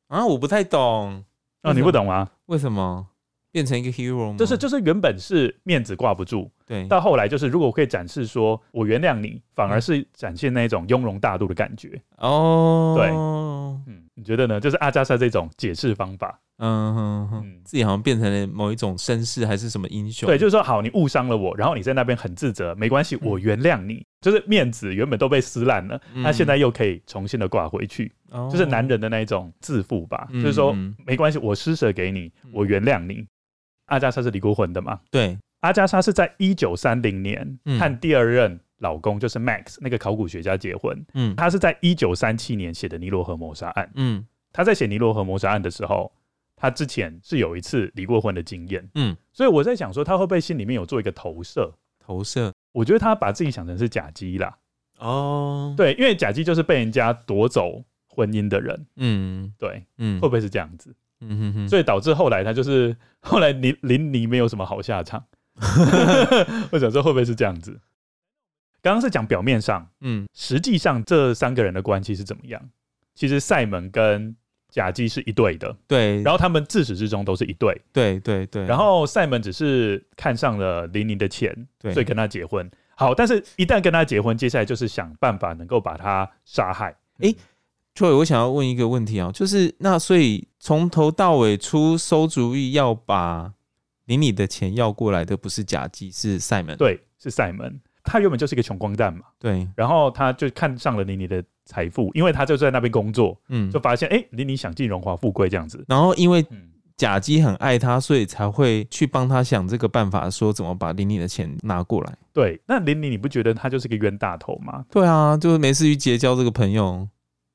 啊，我不太懂，啊、哦，你不懂嗎？為什麼？變成一個 hero，嗎？就是就是原本是面子掛不住，對，到後來就是如果我可以展示說我原諒你，反而是展現那一種雍容大度的感覺哦，對，嗯，你覺得呢？就是阿嘉莎這種解釋方法嗯，嗯，自己好像變成了某一種紳士還是什麼英雄？對，就是說好，你誤傷了我，然後你在那邊很自責，沒關係，我原諒你、嗯，就是面子原本都被撕爛了，他、嗯、現在又可以重新的掛回去、哦，就是男人的那一種自負吧、嗯？就是說沒關係，我施舍給你，我原諒你。阿加莎是離過婚的嘛？對，阿加莎是在一九三零年和第二任老公，就是 Max、嗯、那個考古學家結婚。嗯，她是在一九三七年寫的《尼羅河謀殺案》。嗯，她在寫《尼羅河謀殺案》的時候，她之前是有一次離過婚的經驗。嗯，所以我在想說，她會不會心裡面有做一個投射？投射，我覺得她把自己想成是賈姬啦。哦，對，因為賈姬就是被人家奪走婚姻的人。嗯，對，嗯，會不會是這樣子？嗯、哼哼，所以導致後來他就是後來琳琳妮沒有什麼好下場。 我想說會不會是這樣子？剛剛是講表面上，嗯，實際上這三個人的關係是怎麼樣？其實賽門跟賈姬是一對的，對，然後他們自始至終都是一對，對對，對，然後賽門只是看上了琳妮的錢，對，所以跟他結婚。好，但是一旦跟他結婚，接下來就是想辦法能夠把他殺害。嗯欸所以我想要問一個問題啊、喔，就是那所以從頭到尾出餿主意要把琳妮的錢要過來的不是賈姬，是賽門，對，是賽門，他原本就是一個窮光蛋嘛，對，然後他就看上了琳妮的財富，因為他就在那邊工作，嗯，就發現誒、嗯欸，琳妮享盡榮華富貴這樣子，然後因為賈姬很愛他，所以才會去幫他想這個辦法，說怎麼把琳妮的錢拿過來。對，那琳妮你不覺得他就是個冤大頭嗎？對啊，就是沒事去結交這個朋友。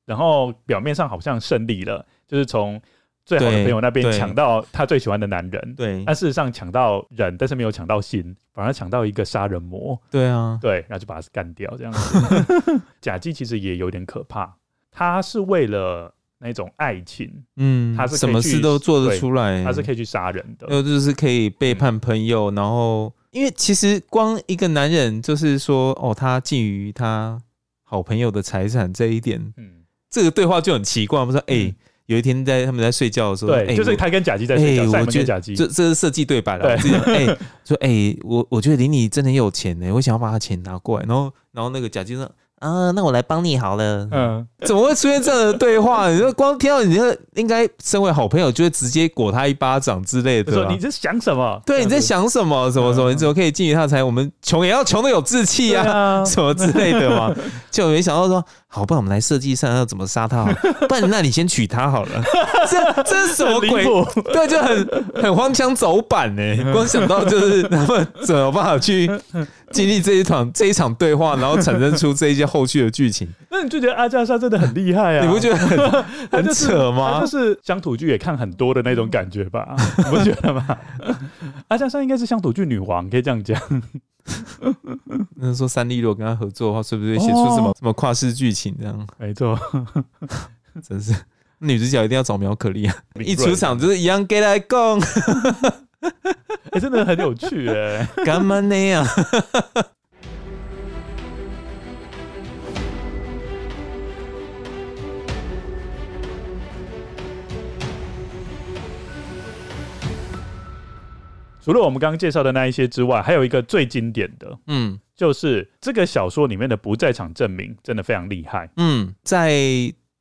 然後表面上好像勝利了，就是從最好的朋友那邊搶到他最喜歡的男人。對，對對但事實上搶到人，但是沒有搶到心，反而搶到一個殺人魔。對啊，對，然後就把他干掉這樣子。 賈姬其實也有點可怕，他是為了那種愛情，嗯，他是什麼事都做得出來，他是可以去殺人的，就是可以背叛朋友。嗯、然後，因為其實光一個男人，就是說哦，他覬覦他好朋友的財產這一點，嗯。這個對話就很奇怪，不說哎、欸，有一天在他們在睡覺的時候，對、欸，就是他跟賈姬在睡覺、欸。我覺得，這這是設計對白了。對，哎、欸， 說哎、欸，我我覺得琳妮真的很有錢哎、欸，我想要把他錢拿過來。然後，然後那個賈姬說啊，那我來幫你好了。嗯，怎麼會出現這樣的對話？你說光聽到，你說應該身為好朋友就會直接摑他一巴掌之類的。你，說你在想什麼？對，你在想什麼？什麼什麼？嗯、你怎麼可以進去他才？我們窮也要窮的有志氣啊，啊什麼之類的嘛？ 就沒想到說。好不然我們來設計一下要怎麼殺他、啊。不然，那你先娶她好了這。這 這是什麼鬼？對，就很很荒腔走板哎、欸！光想到就是他們怎麼有辦法去經歷這一場這一場對話，然後產生出這一些後續的劇情。 那你就覺得阿嘉莎真的很厲害啊？你不覺得很很扯嗎？就是鄉土劇也看很多的那種感覺吧？ 不覺得嗎？阿嘉莎應該是鄉土劇女王，可以這樣講。 那說三麗如果跟他合作的話，是不是會寫出什麼什麼跨世劇情這樣？沒錯，真是女主角一定要找苗可麗啊！一出場就是一樣給 e t i 真的很有趣哎，幹嘛那樣？除了我們剛剛介紹的那一些之外，還有一個最經典的，嗯，就是這個小說裡面的不在場證明真的非常厲害。嗯，在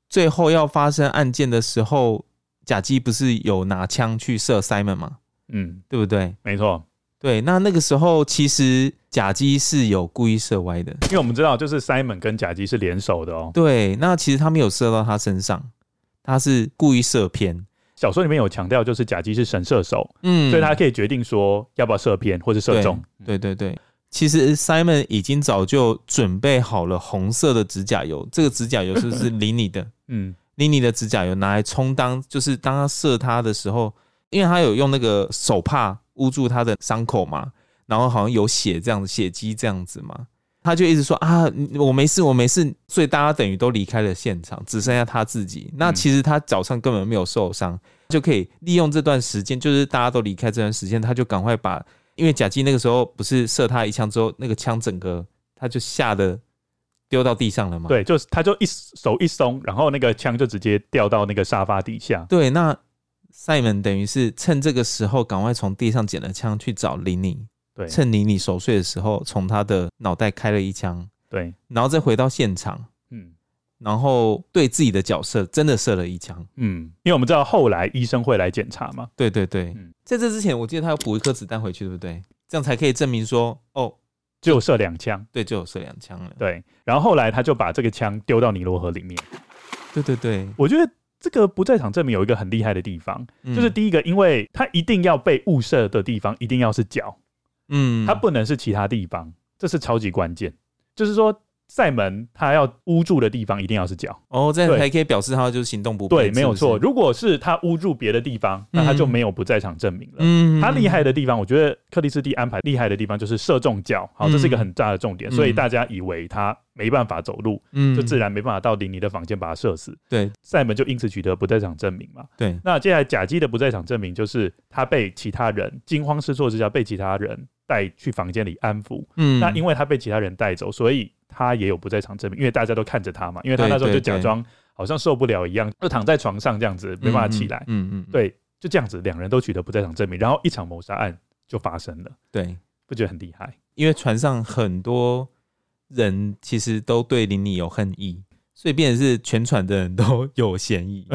最後要發生案件的時候，賈姬不是有拿槍去射 Simon 嗎？嗯，對不對？沒錯，對。那那個時候其實賈姬是有故意射歪的，因為我們知道就是 Simon 跟賈姬是聯手的哦、喔。對，那其實他沒有射到他身上，他是故意射偏。小說裡面有強調，就是賈姬是神射手，嗯，所以他可以決定說要不要射偏或者射中。對，對對對，其實 Simon 已經早就準備好了紅色的指甲油，這個指甲油是不是琳妮的，嗯，琳妮的指甲油拿來充當，就是當他射他的時候，因為他有用那個手帕捂住他的傷口嘛，然後好像有血這樣子，血跡這樣子嘛，他就一直說啊，我沒事，我沒事，所以大家等於都離開了現場，只剩下他自己。那其實他腳上根本沒有受傷。就可以利用這段時間，就是大家都離開這段時間，他就趕快把，因為賈姬那個時候不是射他一槍之後，那個槍整個他就嚇得丟到地上了嘛。對，就是他就一手一鬆，然後那個槍就直接掉到那個沙發底下。對，那賽門等於是趁這個時候趕快從地上撿了槍去找琳妮，對，趁琳妮熟睡的時候從她的腦袋開了一槍，對，然後再回到現場。然後對自己的角色真的射了一槍，嗯，因為我們知道後來醫生會來檢查嘛，對對對、嗯，在這之前我記得他要補一顆子彈回去，對不對？這樣才可以證明說，哦、喔，只有射兩槍，對，就射兩槍了，對。然後後來他就把這個槍丟到尼羅河裡面，對對對。我覺得這個不在場證明有一個很厲害的地方、嗯，就是第一個，因為他一定要被誤射的地方一定要是腳，嗯，他不能是其他地方，這是超級關鍵，就是說。賽門他要屋住的地方一定要是腳哦，這樣才可以表示他就是行動不便。對，沒有錯。如果是他屋住別的地方，那他就沒有不在場證明了。嗯、他厲害的地方，我覺得克里斯蒂安排厲害的地方就是射中腳，好，這是一個很大的重點、嗯。所以大家以為他沒辦法走路，嗯，就自然沒辦法到琳妮的房間把他射死。對，賽門就因此取得不在場證明嘛。對，那接下來賈姬的不在場證明就是他被其他人驚慌失措之下被其他人帶去房間裡安撫。嗯，那因為他被其他人帶走，所以。他也有不在場證明，因為大家都看着他嘛，因為他那時候就假裝好像受不了一樣，就躺在床上這樣子，嗯、沒辦法起來。嗯嗯，嗯，對，就這樣子，兩人都取得不在場證明，然後一場謀殺案就發生了。對，不覺得很厲害？因為船上很多人其實都對琳妮有恨意，所以變成是全船的人都有嫌疑。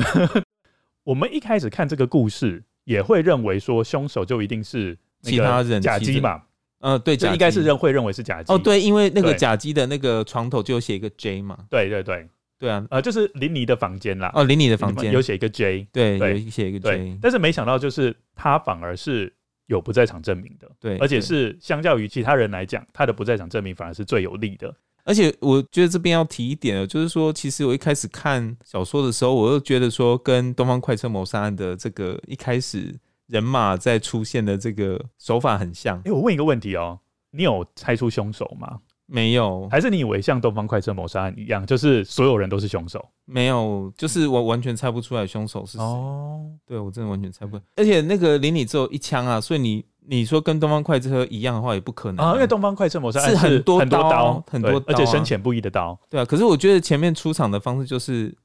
我們一開始看這個故事，也會認為說兇手就一定是雞其他人賈姬嘛。呃、嗯，對，這應該是認會認為是賈姬。哦，對，因為那個賈姬的那個床頭就有寫一個 J 嘛。對對對對啊，呃，就是琳妮的房間啦。哦，琳妮的房間有寫一,一個 J。對，有寫一個 J。但是沒想到，就是他反而是有不在場證明的。對，而且是相較於其他人來講，他的不在場證明反而是最有利的。而且我覺得這邊要提一點的就是說，其實我一開始看小說的時候，我又覺得說，跟《東方快車謀殺案》的這個一開始。人馬在出現的這個手法很像。哎、欸，我問一個問題哦、喔，你有猜出兇手嗎？沒有，還是你以為像《東方快車謀殺案》一樣，就是所有人都是兇手？沒有，就是我完全猜不出來兇手是誰、哦。對，我真的完全猜不出來。出、嗯。而且那個琳妮只有一槍啊，所以你你說跟《東方快車》一樣的話，也不可能啊，啊因為《東方快車謀殺案》是很多刀，很多刀，多刀啊，而且深淺不一的刀。對啊，可是我覺得前面出場的方式就是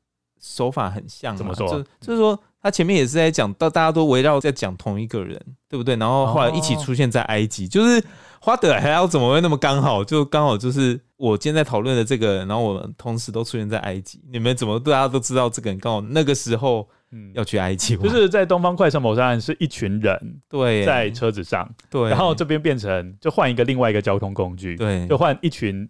手法很像。啊，怎麼說？就就是說。嗯他前面也是在講到大家都圍繞在講同一個人，對不對？然後後來一起出現在埃及，哦、就是花德還要怎麼會那麼剛好？就剛好就是我今天在討論的這個人，然後我們同時都出現在埃及。你們怎麼大家都知道這個人剛好那個時候要去埃及？就是在《東方快車謀殺案》是一群人對在車子上，對，然後這邊變成就換一個另外一個交通工具，對，就換一群。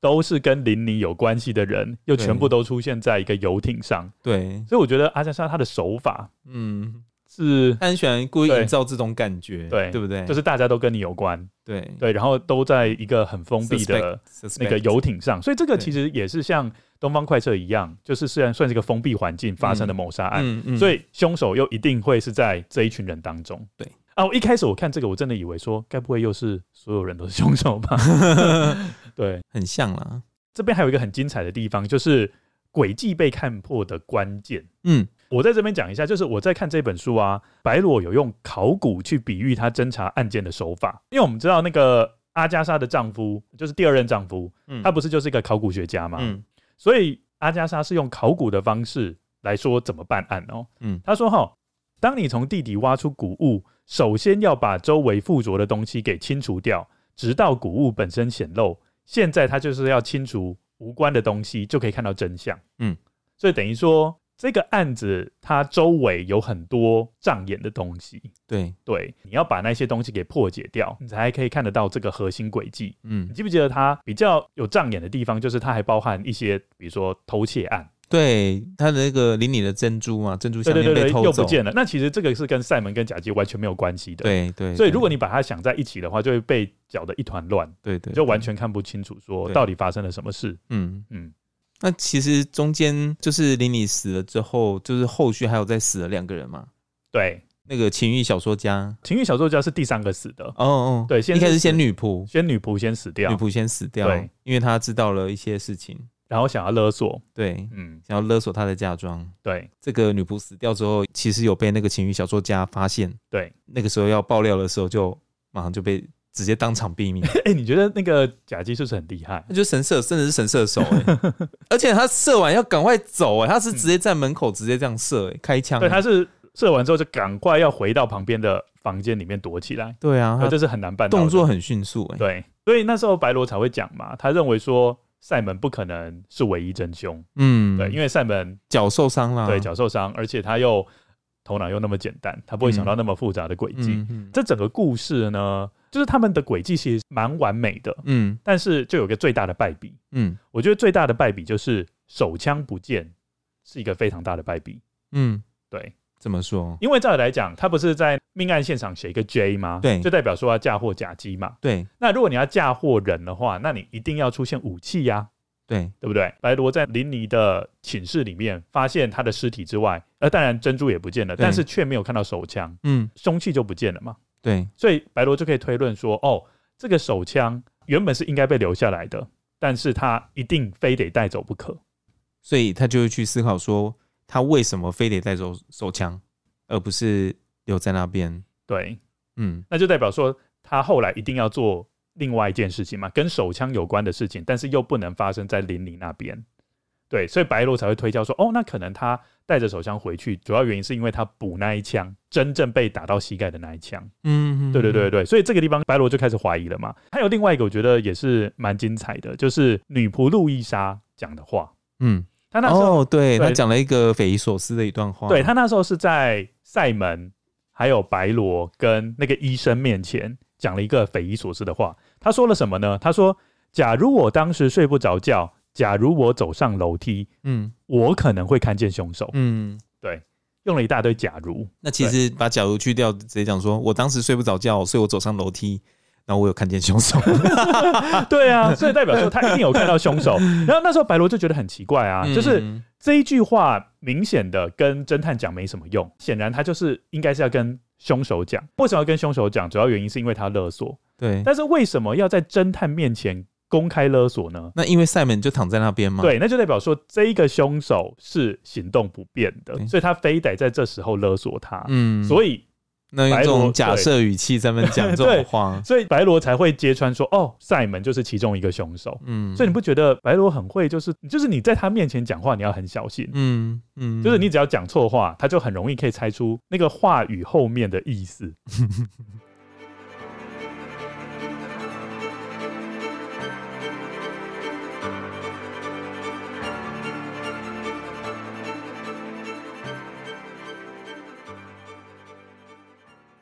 都是跟琳妮有關係的人，又全部都出現在一個遊艇上。對，所以我覺得阿加莎他的手法，嗯，是安全故意營造這種感覺，對對不對？就是大家都跟你有關，對對，然後都在一個很封閉的那個遊艇上，所以這個其實也是像《東方快車》一樣，就是雖然算是一個封閉環境發生的謀殺案，嗯嗯嗯，所以凶手又一定會是在這一群人當中。對啊，我一開始我看這個，我真的以為說，該不會又是所有人都是凶手吧？ 對，很像了。這邊還有一個很精彩的地方，就是詭計被看破的關鍵。嗯，我在這邊講一下，就是我在看這本書啊，白羅有用考古去比喻他偵查案件的手法。因為我們知道那個阿加莎的丈夫，就是第二任丈夫，嗯、他不是就是一個考古學家嘛。嗯，所以阿加莎是用考古的方式來說怎麼辦案哦。嗯，他說：“哈，當你從地底挖出古物，首先要把周圍附着的東西給清除掉，直到古物本身顯露。”現在他就是要清除無關的東西，就可以看到真相。嗯，所以等於說這個案子它周圍有很多障眼的東西。對對，你要把那些東西給破解掉，你才可以看得到這個核心軌跡。嗯，你記不記得它比較有障眼的地方，就是它還包含一些，比如說偷竊案。對他的那個琳妮的珍珠嘛，珍珠項鏈被偷對對對又不見了。那其實這個是跟賽門跟賈姬完全沒有關係的。對對，所以如果你把它想在一起的話，就會被攪得一團亂。對對,對，就完全看不清楚說到底發生了什麼事。嗯嗯，那其實中間就是琳妮死了之後，就是後續還有再死了兩個人嘛。對，那個情欲小說家，情欲小說家是第三個死的。哦哦,哦，對，一開始先女僕，先女僕先死掉，女僕先死掉對，因為他知道了一些事情。然後想要勒索，對，嗯，想要勒索他的嫁妝，對。這個女僕死掉之後，其實有被那個情侶小說家發現，對。那個時候要爆料的時候就，就馬上就被直接當場斃命。哎、欸，你覺得那個賈姬是不是很厲害？那就是神射，甚至是神射手、欸， 而且他射完要趕快走、欸，哎，他是直接在門口直接這樣射、欸嗯，開槍、欸。對，他是射完之後就趕快要回到旁邊的房間裡面躲起來。對啊，他、欸、就是很難辦到的，動作很迅速、欸。對，所以那時候白羅才會講嘛，他認為說。賽門不可能是唯一真凶，嗯，對，因為賽門腳受傷了，對，腳受傷，而且他又頭腦又那麼簡單，他不會想到那麼複雜的詭計，嗯嗯嗯。這整個故事呢，就是他們的詭計其實蠻完美的，嗯，但是就有個最大的敗筆，嗯，我覺得最大的敗筆就是手槍不見，是一個非常大的敗筆，嗯，對。怎麼說？因為照理來講，他不是在命案現場寫一個 J 嗎？對，就代表說要嫁禍賈姬嘛。對，那如果你要嫁禍人的話，那你一定要出現武器呀。對，對不對？白羅在琳妮的寢室裡面發現他的屍體之外，呃，當然珍珠也不見了，但是卻沒有看到手槍，嗯，兇器就不見了嘛。對，所以白羅就可以推論說，哦，這個手槍原本是應該被留下來的，但是他一定非得帶走不可，所以他就會去思考說。他為什麼非得帶走手槍，而不是留在那邊？對，嗯，那就代表說他後來一定要做另外一件事情嘛，跟手槍有關的事情，但是又不能發生在琳妮那邊。對，所以白羅才會推敲說：“哦，那可能他帶着手槍回去，主要原因是因為他補那一槍，真正被打到膝蓋的那一槍。”嗯哼嗯，對對對對，所以這個地方白羅就開始懷疑了嘛。還有另外一個，我覺得也是蠻精彩的，就是女僕路易莎講的話。嗯。他那時候、哦、對，對，他講了一個匪夷所思的一段話。對，他那時候是在賽門還有白羅跟那個醫生面前講了一個匪夷所思的話。他說了什麼呢？他說：“假如我當時睡不着覺，假如我走上樓梯，嗯，我可能會看見兇手。”嗯，對，用了一大堆假如。那其實把假如去掉，直接講說我當時睡不着覺，所以我走上樓梯。那我有看見兇手， 對啊，所以代表說他一定有看到兇手。然後那時候白羅就覺得很奇怪啊，就是這一句話明顯的跟偵探講沒什麼用，顯然他就是應該是要跟兇手講。為什麼要跟兇手講？主要原因是因為他勒索。對，但是為什麼要在偵探面前公開勒索呢？那因為賽門就躺在那邊嘛，對，那就代表說這一個兇手是行動不便的，所以他非得在這時候勒索他。嗯，所以。那用一種假設語氣在那講這種話， 所以白羅才會揭穿說：“哦，賽門就是其中一個凶手。”嗯，所以你不覺得白羅很會？就是就是你在他面前講話，你要很小心。嗯嗯，就是你只要講錯話，他就很容易可以猜出那個話語後面的意思。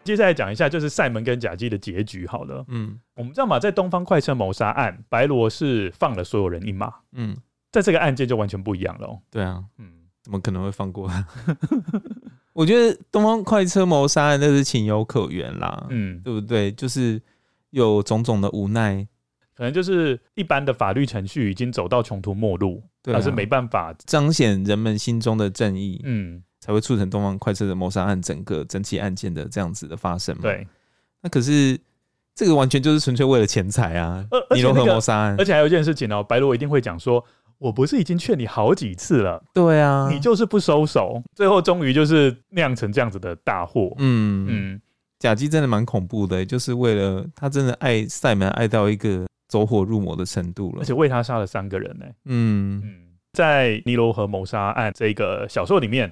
接下來講一下，就是賽門跟賈姬的結局。好了，嗯，我們知道嘛，在東方快車謀殺案，白羅是放了所有人一馬。嗯，在這個案件就完全不一樣了、哦。對啊，嗯，怎麼可能會放過？ 我覺得東方快車謀殺案那是情有可原啦。嗯，對不對？就是有種種的無奈，可能就是一般的法律程序已經走到窮途末路，還、啊、是沒辦法彰顯人們心中的正義。嗯。才會促成東方快車的謀殺案整個整起案件的這樣子的發生嘛？對，那可是這個完全就是純粹為了錢財啊！呃那個、尼羅河謀殺案，而且還有一件事情哦、喔，白羅一定會講說，我不是已經勸你好幾次了？對啊，你就是不收手，最後終於就是釀成這樣子的大禍。嗯嗯，賈姬真的蠻恐怖的、欸，就是為了他真的愛賽門愛到一個走火入魔的程度了，而且為他殺了三個人呢、欸。嗯嗯，在尼羅河謀殺案這個小說裡面。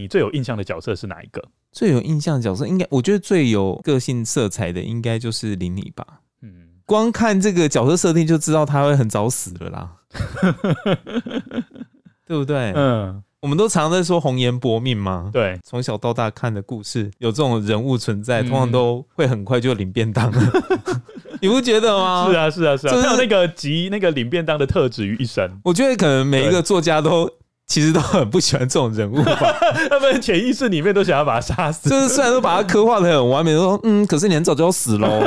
你最有印象的角色是哪一個？最有印象的角色，應該我覺得最有個性色彩的，應該就是琳妮吧。嗯，光看這個角色設定就知道他會很早死了啦， 對不對？嗯，我們都常，常在說“紅顏薄命”嘛。對，從小到大看的故事有這種人物存在、嗯，通常都會很快就領便當了， 你不覺得嗎？是啊，是啊，是啊，就是有那個集那個領便當的特質於一身。我覺得可能每一個作家都。其實都很不喜歡這種人物吧， 他們潛意識裡面都想要把他殺死。就是雖然說把他刻畫的很完美說，說嗯，可是你很早就要死咯。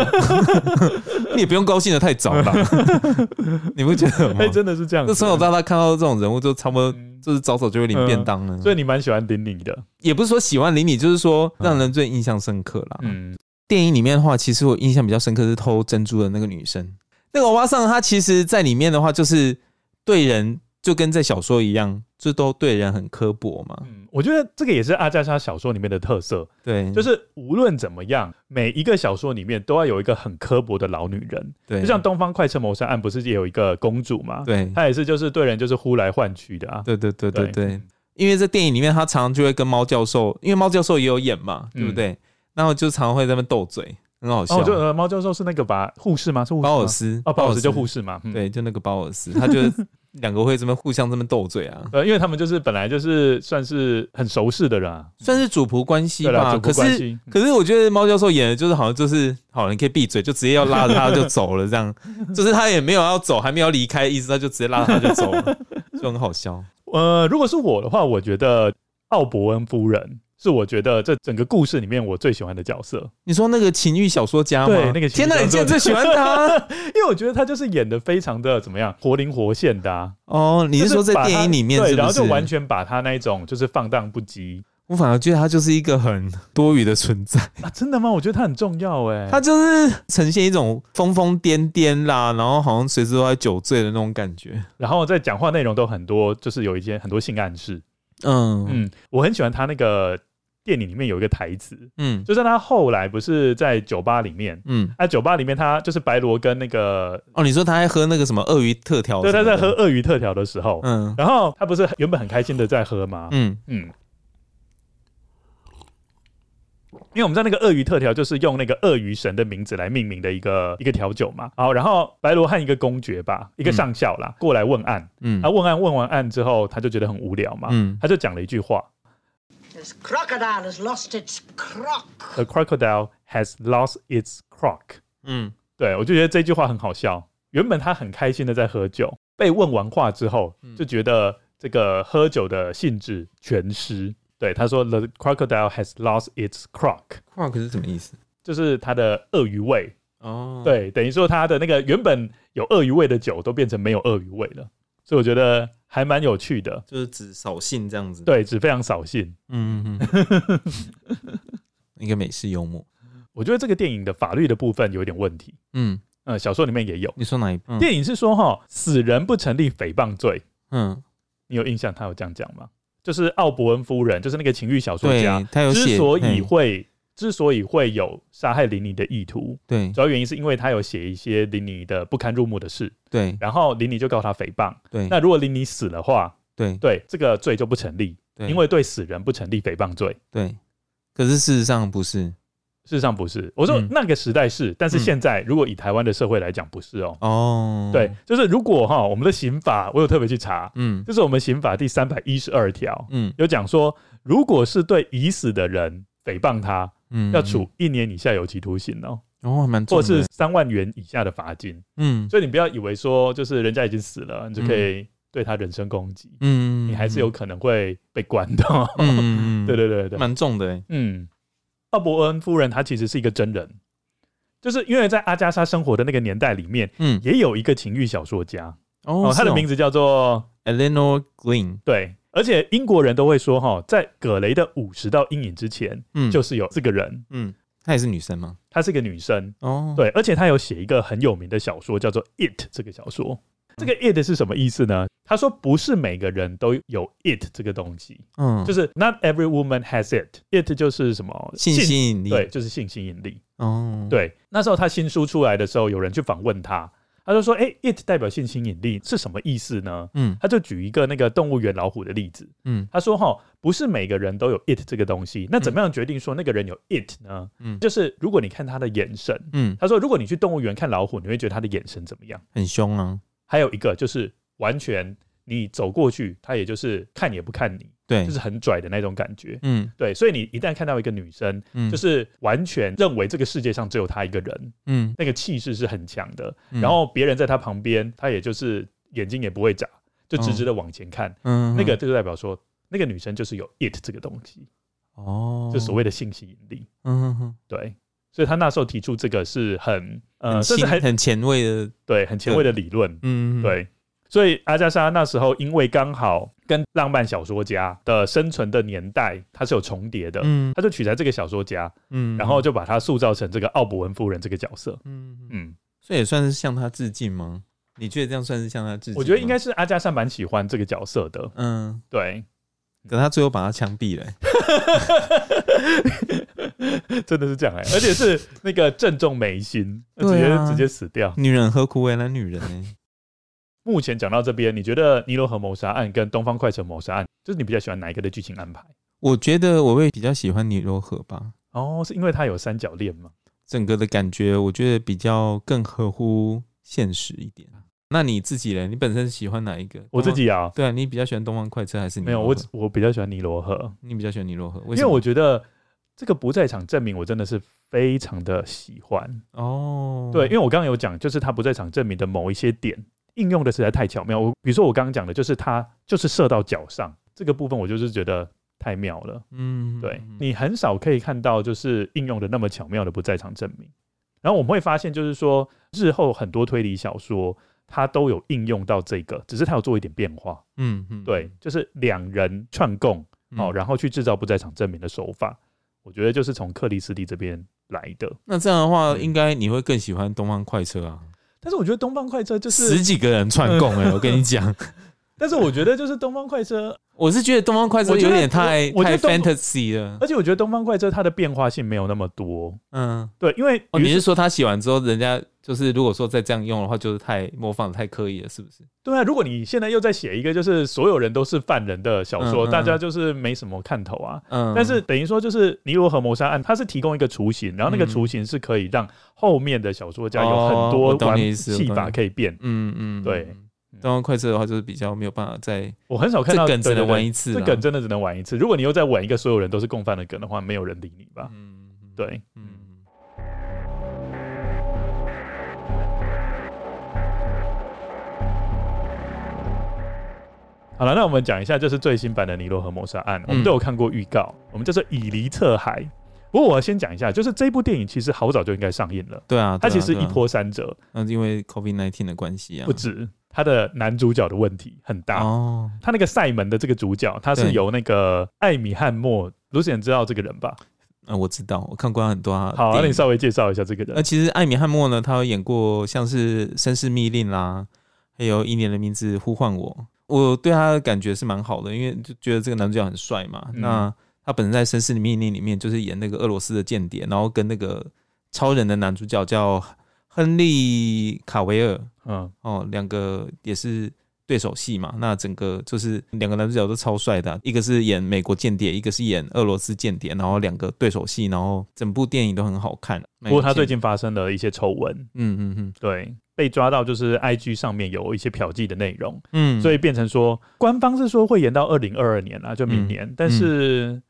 你也不用高興的太早了。 你不覺得嗎？哎，真的是這樣。就從小到大看到這種人物，就差不多就是早早就會領便當了。嗯嗯。所以你蠻喜歡琳妮的，也不是說喜歡琳妮，就是說讓人最印象深刻啦。嗯、嗯，電影裡面的話，其實我印象比較深刻是偷珍珠的那個女生，那個歐巴桑她其實在裡面的話，就是對人就跟在小說一樣。這都對人很刻薄嘛。嗯，我覺得這個也是阿嘉莎小說裡面的特色。對，就是無論怎麼樣，每一個小說裡面都要有一個很刻薄的老女人。對，就像《東方快車謀殺案》不是也有一個公主嘛？對，她也是就是對人就是呼來喚去的啊。對對對對對。因為在電影裡面，她常常就會跟貓教授，因為貓教授也有演嘛，對不對？嗯、然後就常常會在那邊鬥嘴，很好笑。哦，就、呃、貓教授是那個把護士嗎？是護士嗎包爾斯？哦，包爾斯就護士嘛、嗯？對，就那個包爾斯，他就 兩個會這麼互相這麼鬥嘴啊？呃，因為他們就是本來就是算是很熟識的人，啊，算是主僕關係吧。對啦，主僕關係。可是，嗯、可是我覺得貓教授演的就是好像就是好，你可以閉嘴，就直接要拉着他就走了，這樣 就是他也沒有要走，還沒有離開的意思，他就直接拉着他就走了， 就很好笑。呃，如果是我的話，我覺得奧伯恩夫人。是我覺得這整個故事裡面我最喜歡的角色。你說那個情欲小說家嗎？那個情，天哪，你竟然最喜歡他？啊？ 因為我覺得他就是演得，非常的怎麼樣，活靈活現的，啊。哦，你是說在電影裡面是是，對，然後就完全把他那一種就是放蕩不羈。我反而覺得他就是一個很多餘的存在啊！真的嗎？我覺得他很重要哎。他就是呈現一種瘋瘋癲癲啦，然後好像隨時都在酒醉的那種感覺。然後在講話內容都很多，就是有一些很多性暗示。嗯嗯，我很喜歡他那個。電影裡面有一個台詞，嗯，就是他後來不是在酒吧裡面，嗯，啊、酒吧裡面他就是白羅跟那個哦，你說他還喝那個什麼鱷魚特調？對，他在喝鱷魚特調的時候，嗯，然後他不是原本很開心的在喝嘛，嗯嗯，因為我們知道那個鱷魚特調就是用那個鱷魚神的名字來命名的一個一個調酒嘛。好，然後白羅和一個公爵吧，一個上校啦，嗯、過來問案，嗯，他問案問完案之後，他就覺得很無聊嘛，嗯、他就講了一句話。The crocodile has lost its croc. The crocodile has lost its croc. 嗯，對，我就覺得這句話很好笑。原本他很開心的在喝酒，被問完話之後，嗯，就覺得這個喝酒的興致全失。對，他說，The crocodile has lost its croc. Croc 是什麼意思？就是他的鱷魚味哦，oh。對，等於說他的那個原本有鱷魚味的酒，都變成沒有鱷魚味了。所以我覺得。還蠻有趣的，就是只掃興這樣子。對，只非常掃興。嗯，一個美式幽默。我覺得這個電影的法律的部分有點問題。嗯，嗯，呃，小說裡面也有。你說哪一部？電影是說哈，死人不成立誹謗罪。嗯，你有印象他有這樣講嗎？就是奧伯恩夫人，就是那個情欲小說家，對他有寫，之所以會。之所以會有殺害琳妮的意圖，對，主要原因是因為他有寫一些琳妮的不堪入目的事，對，然後琳妮就告他誹謗，對。那如果琳妮死了的話，對，對，這個罪就不成立，對，因為對死人不成立誹謗罪，對。可是事實上不是，事實上不是。我說那個時代是，嗯、但是現在如果以台灣的社會來講，不是哦、喔。哦、嗯，對，就是如果哈，我們的刑法，我有特別去查，嗯，就是我們刑法第三百一十二條，嗯，有講說，如果是對已死的人誹謗他。嗯，要處一年以下有期徒刑哦、喔，哦，蠻重的，或者是三萬元以下的罰金。嗯，所以你不要以為說就是人家已經死了，你就可以對他人身攻擊。嗯，你還是有可能會被關的、喔。嗯， 對對對對，對，蠻重的。嗯，奧伯恩夫人她其實是一個真人，就是因為在阿加莎生活的那個年代裡面，嗯，也有一個情慾小說家哦，他、哦、的名字叫做 Eleanor、嗯、Glyn。對。而且英國人都會說哈，在葛雷的五十道陰影之前，嗯，就是有這個人，嗯，她也是女生嗎？她是一個女生哦，對，而且她有寫一個很有名的小說，叫做《It》這個小說。這個《It》是什麼意思呢？她說不是每個人都有《It》這個東西，嗯，就是 Not every woman has it。《It》就是什麼？性吸引力。對，就是性吸引力。哦，對，那時候她新書出來的時候，有人去訪問她。他就說：“欸，it 代表性吸引力是什麼意思呢？嗯，他就舉一個那個動物園老虎的例子。嗯，他說：‘哈，不是每個人都有 it 這個東西。那怎麼樣決定說那個人有 it 呢？嗯，就是如果你看他的眼神，嗯，他說如果你去動物園看老虎，你會覺得他的眼神怎麼樣？嗯，很凶啊。還有一個就是完全你走過去，他也就是看也不看你。”對，就是很拽的那種感覺。嗯，對，所以你一旦看到一個女生，嗯、就是完全認為這個世界上只有她一個人，嗯，那個氣勢是很強的、嗯。然後別人在她旁邊，她也就是眼睛也不會眨，就直直的往前看。哦、嗯，那個這就代表說，那個女生就是有 it 這個東西，哦，就所謂的性吸引力。嗯哼哼，對，所以她那時候提出這個是很、嗯、哼哼呃，甚至很很前衛的、這個，對，很前衛的理論。嗯，對，所以阿加莎那時候因為剛好。跟浪漫小說家的生存的年代，它是有重疊的。嗯，他就取材這個小說家，嗯，然後就把他塑造成這個奧伯文夫人這個角色。嗯嗯，所以也算是向他致敬嗎？你覺得這樣算是向他致敬？我覺得應該是阿加莎蠻喜歡這個角色的。嗯，對。可他最後把他槍斃了、欸， 真的是這樣哎、欸！而且是那個正中眉心， 直接、啊、直接死掉。女人何苦為難女人呢？目前講到這邊，你覺得《尼羅河謀殺案》跟《東方快車謀殺案》就是你比較喜歡哪一個的劇情安排？我覺得我會比較喜歡尼羅河吧。哦，是因為它有三角戀嗎？整個的感覺我覺得比較更合乎現實一點。那你自己呢？你本身是喜歡哪一個？我自己啊，哦、對啊，你比較喜歡《東方快車》還是？沒有，我我比較喜歡尼羅河。你比較喜歡尼羅河？因為我覺得這個不在場證明，我真的是非常的喜歡。哦。對，因為我剛剛有講，就是他不在場證明的某一些點。應用的實在太巧妙，我比如說我剛剛講的，就是它就是射到腳上這個部分，我就是覺得太妙了。嗯，對，你很少可以看到就是應用的那麼巧妙的不在場證明。然後我們會發現，就是說日後很多推理小說它都有應用到這個，只是它有做一點變化。嗯嗯，對，就是兩人串供，喔，然後去製造不在場證明的手法，嗯，我覺得就是從克里斯蒂這邊來的。那這樣的話，嗯，應該你會更喜歡《東方快車》啊。但是我覺得《東方快車》就是十幾個人串供哎，我跟你講 。但是我覺得就是《東方快車 》，我是覺得《東方快車》有點太我覺得我太 fantasy 了，而且我覺得《東方快車》它的變化性沒有那麼多。嗯，對，因為是、哦、你是說他洗完之後人家。就是如果說再這樣用的話，就是太模仿的太刻意了，是不是？對啊，如果你現在又在寫一個就是所有人都是犯人的小說、嗯嗯，大家就是沒什麼看頭啊。嗯，但是等於說就是《尼羅河謀殺案》，它是提供一個雛形，然後那個雛形是可以讓後面的小說家有很多戲、哦、法可以變。嗯嗯，嗯，對。東、嗯、方快車的話就是比較沒有辦法再，我很少看到這梗只能玩一次，對對對，這梗真的只能玩一次。如果你又再玩一個所有人都是共犯的梗的話，沒有人理你吧？嗯，對。嗯。好了，那我們講一下，就是最新版的《尼羅河謀殺案》，我們都有看過預告、嗯。我們叫做《以蠡測海》，不過我要先講一下，就是這部電影其實好早就應該上映了對、啊。對啊，它其實一波三折。那、啊啊、因為 COVID-19 的關係啊，不止它的男主角的問題很大哦。他那個賽門的這個主角，他是由那個艾米漢默，Lucien 知道這個人吧？啊、呃，我知道，我看過很多他。好，那你稍微介紹一下這個人。那、呃、其實艾米漢默呢，他有演過像是《紳士密令》啦，還有一年的名字呼喚我。我對他的感覺是蠻好的，因為就覺得這個男主角很帥嘛、嗯。那他本身在《紳士密令》裡面就是演那個俄羅斯的間諜，然後跟那個超人的男主角叫亨利·卡維爾，嗯哦，兩個也是對手戲嘛。那整個就是兩個男主角都超帥的、啊，一個是演美國間諜，一個是演俄羅斯間諜，然後兩個對手戲，然後整部電影都很好看。不過他最近發生了一些醜聞，嗯嗯嗯，對。被抓到就是 IG 上面有一些嫖妓的內容，嗯，所以變成說官方是說會延到二零二二年啊，就明年，嗯，但是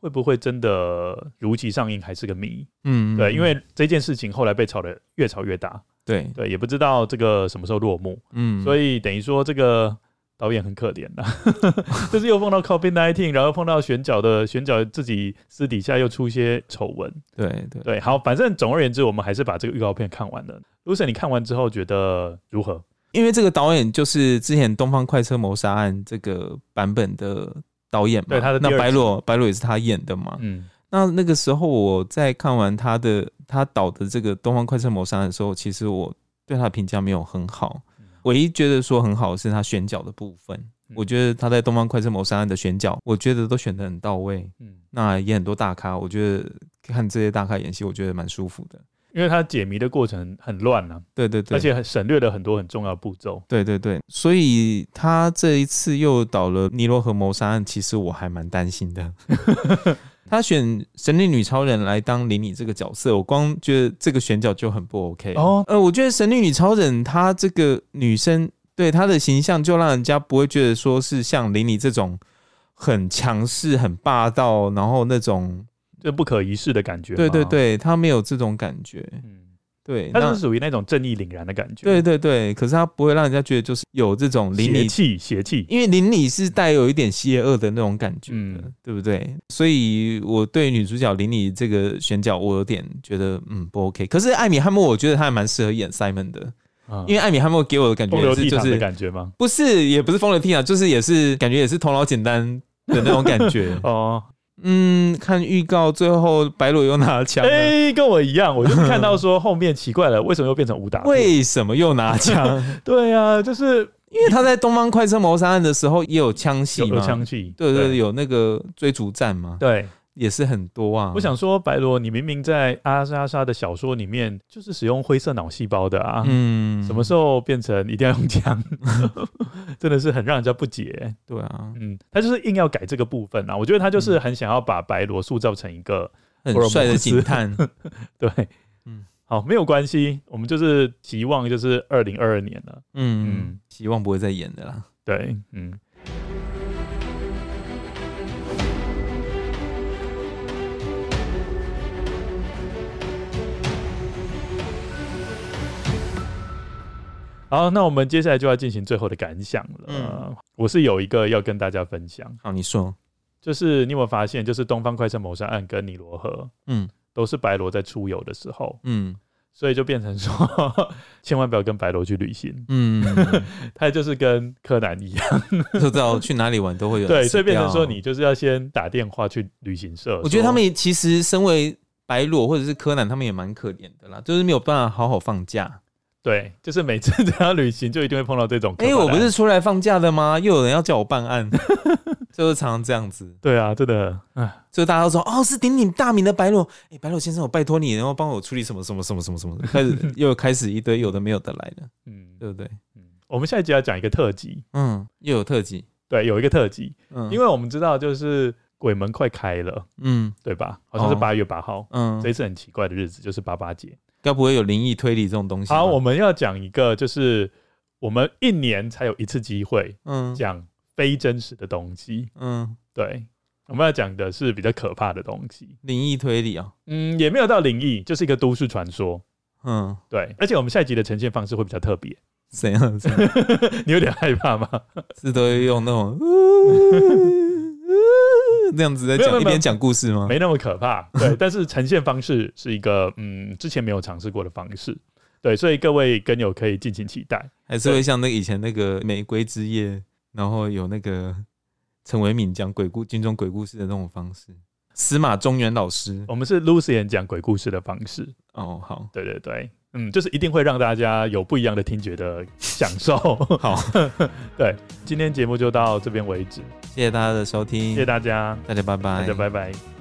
會不會真的如期上映還是個謎，嗯，對，嗯，因為這件事情後來被炒的越炒越大，對對，也不知道這個什麼時候落幕，嗯，所以等於說這個。導演很可憐的，就是又碰到 COVID nineteen，然後碰到選角的選角，自己私底下又出一些醜聞。對對對，好，反正總而言之，我們還是把這個預告片看完了。Lucien 你看完之後覺得如何？因為這個導演就是之前《東方快車謀殺案》這個版本的導演嘛，對他的那白羅，白羅也是他演的嘛。嗯，那那個時候我在看完他的他導的這個《東方快車謀殺案》的時候，其實我對他的評價沒有很好。唯一覺得說很好是他選角的部分，我覺得他在《東方快車謀殺案》的選角，我覺得都選的很到位。嗯。那也很多大咖，我覺得看這些大咖演戲，我覺得蠻舒服的。因為他解謎的過程很亂啊，對對對，而且很省略了很多很重要的步驟。對對對，對，所以他這一次又導了《尼羅河謀殺案》，其實我還蠻擔心的。 他選神力女超人來當琳妮這個角色，我光覺得這個選角就很不 OK。哦、oh.，呃，我覺得神力女超人她這個女生對她的形象就讓人家不會覺得說是像琳妮這種很強勢、很霸道，然後那種就不可一世的感覺。對對對，她沒有這種感覺。嗯。對，他是屬於那種正義凜然的感覺。對對對，可是他不會讓人家覺得就是有這種琳妮氣、邪氣，因為琳妮是帶有一點邪惡的那種感覺的、嗯，對不對？所以我對女主角琳妮這個選角，我有點覺得嗯不 OK。可是艾米·漢默，我覺得她還蠻適合演 Simon 的，嗯、因為艾米·漢默給我的感覺也是就是風流倜儻的感覺嗎？不是，也不是風流倜儻，就是也是感覺也是頭腦簡單的那種感覺 哦。嗯，看預告最後白羅又拿槍，哎、欸，跟我一樣，我就看到說後面奇怪了，為什麼又變成武打？為什麼又拿槍？ 對呀、啊，就是因為他在《東方快車謀殺案》的時候也有槍戲嘛，有槍戲，對對,對，對，有那個追逐戰嘛，對。也是很多啊。我想說，白羅，你明明在阿莎莎的小說裡面就是使用灰色腦細胞的啊，嗯，什麼時候變成一定要用槍？ 真的是很讓人家不解。對啊，嗯，他就是硬要改這個部分啊。我覺得他就是很想要把白羅塑造成一個很帥的警探。 對，嗯，好，沒有關係，我們就是希望就是二零二二年了。嗯、嗯，希望不會再演的啦。對，嗯、嗯。好，那我們接下來就要進行最後的感想了、嗯。我是有一個要跟大家分享。好、啊，你說，就是你有沒有發現，就是東方快車謀殺案跟尼羅河，嗯，都是白羅在出遊的時候，嗯，所以就變成說，千萬不要跟白羅去旅行。嗯， 他就是跟柯南一樣， 都知道去哪裡玩都會有、哦、對，所以變成說，你就是要先打電話去旅行社。我覺得他們其實身為白羅或者是柯南，他們也蠻可憐的啦，就是沒有辦法好好放假。對，就是每次只要旅行，就一定會碰到這種、欸。誒我不是出來放假的嗎？又有人要叫我辦案， 就是常常這樣子。對啊，真的。所以大家都說，哦，是鼎鼎大名的白羅。誒、欸、白羅先生，我拜託你，然後幫我處理什麼什麼什麼什麼什麼，開始又開始一堆有的沒有的來了。嗯 對不對？我們下一集要講一個特輯。嗯，又有特輯。對，有一個特輯。嗯，因為我們知道，就是鬼門快開了。嗯，對吧？好像是八月八號。嗯，這一次很奇怪的日子，就是八八節。要不會有靈異推理這種東西？好，我們要講一個，就是我們一年才有一次機會，嗯，講非真實的東西，嗯，嗯對，我們要講的是比較可怕的東西，靈異推理啊，嗯，也沒有到靈異，就是一個都市傳說，嗯，對，而且我們下一集的呈現方式會比較特別，怎樣子？啊、 你有點害怕嗎？是都要用那種。 呃，那樣子在講一邊講故事嗎？沒那麼可怕，對。 但是呈現方式是一個嗯，之前沒有嘗試過的方式，對。所以各位根友可以盡情期待，還是會像那個以前那個玫瑰之夜，然後有那個陳維敏講鬼故軍中鬼故事的那種方式。司馬中原老師，我們是 Lucien 講鬼故事的方式哦。好，對對對。嗯，就是一定會讓大家有不一樣的聽覺的享受。 好， 對，今天節目就到這邊為止，謝謝大家的收聽，謝謝大家，大家拜拜，大家拜拜。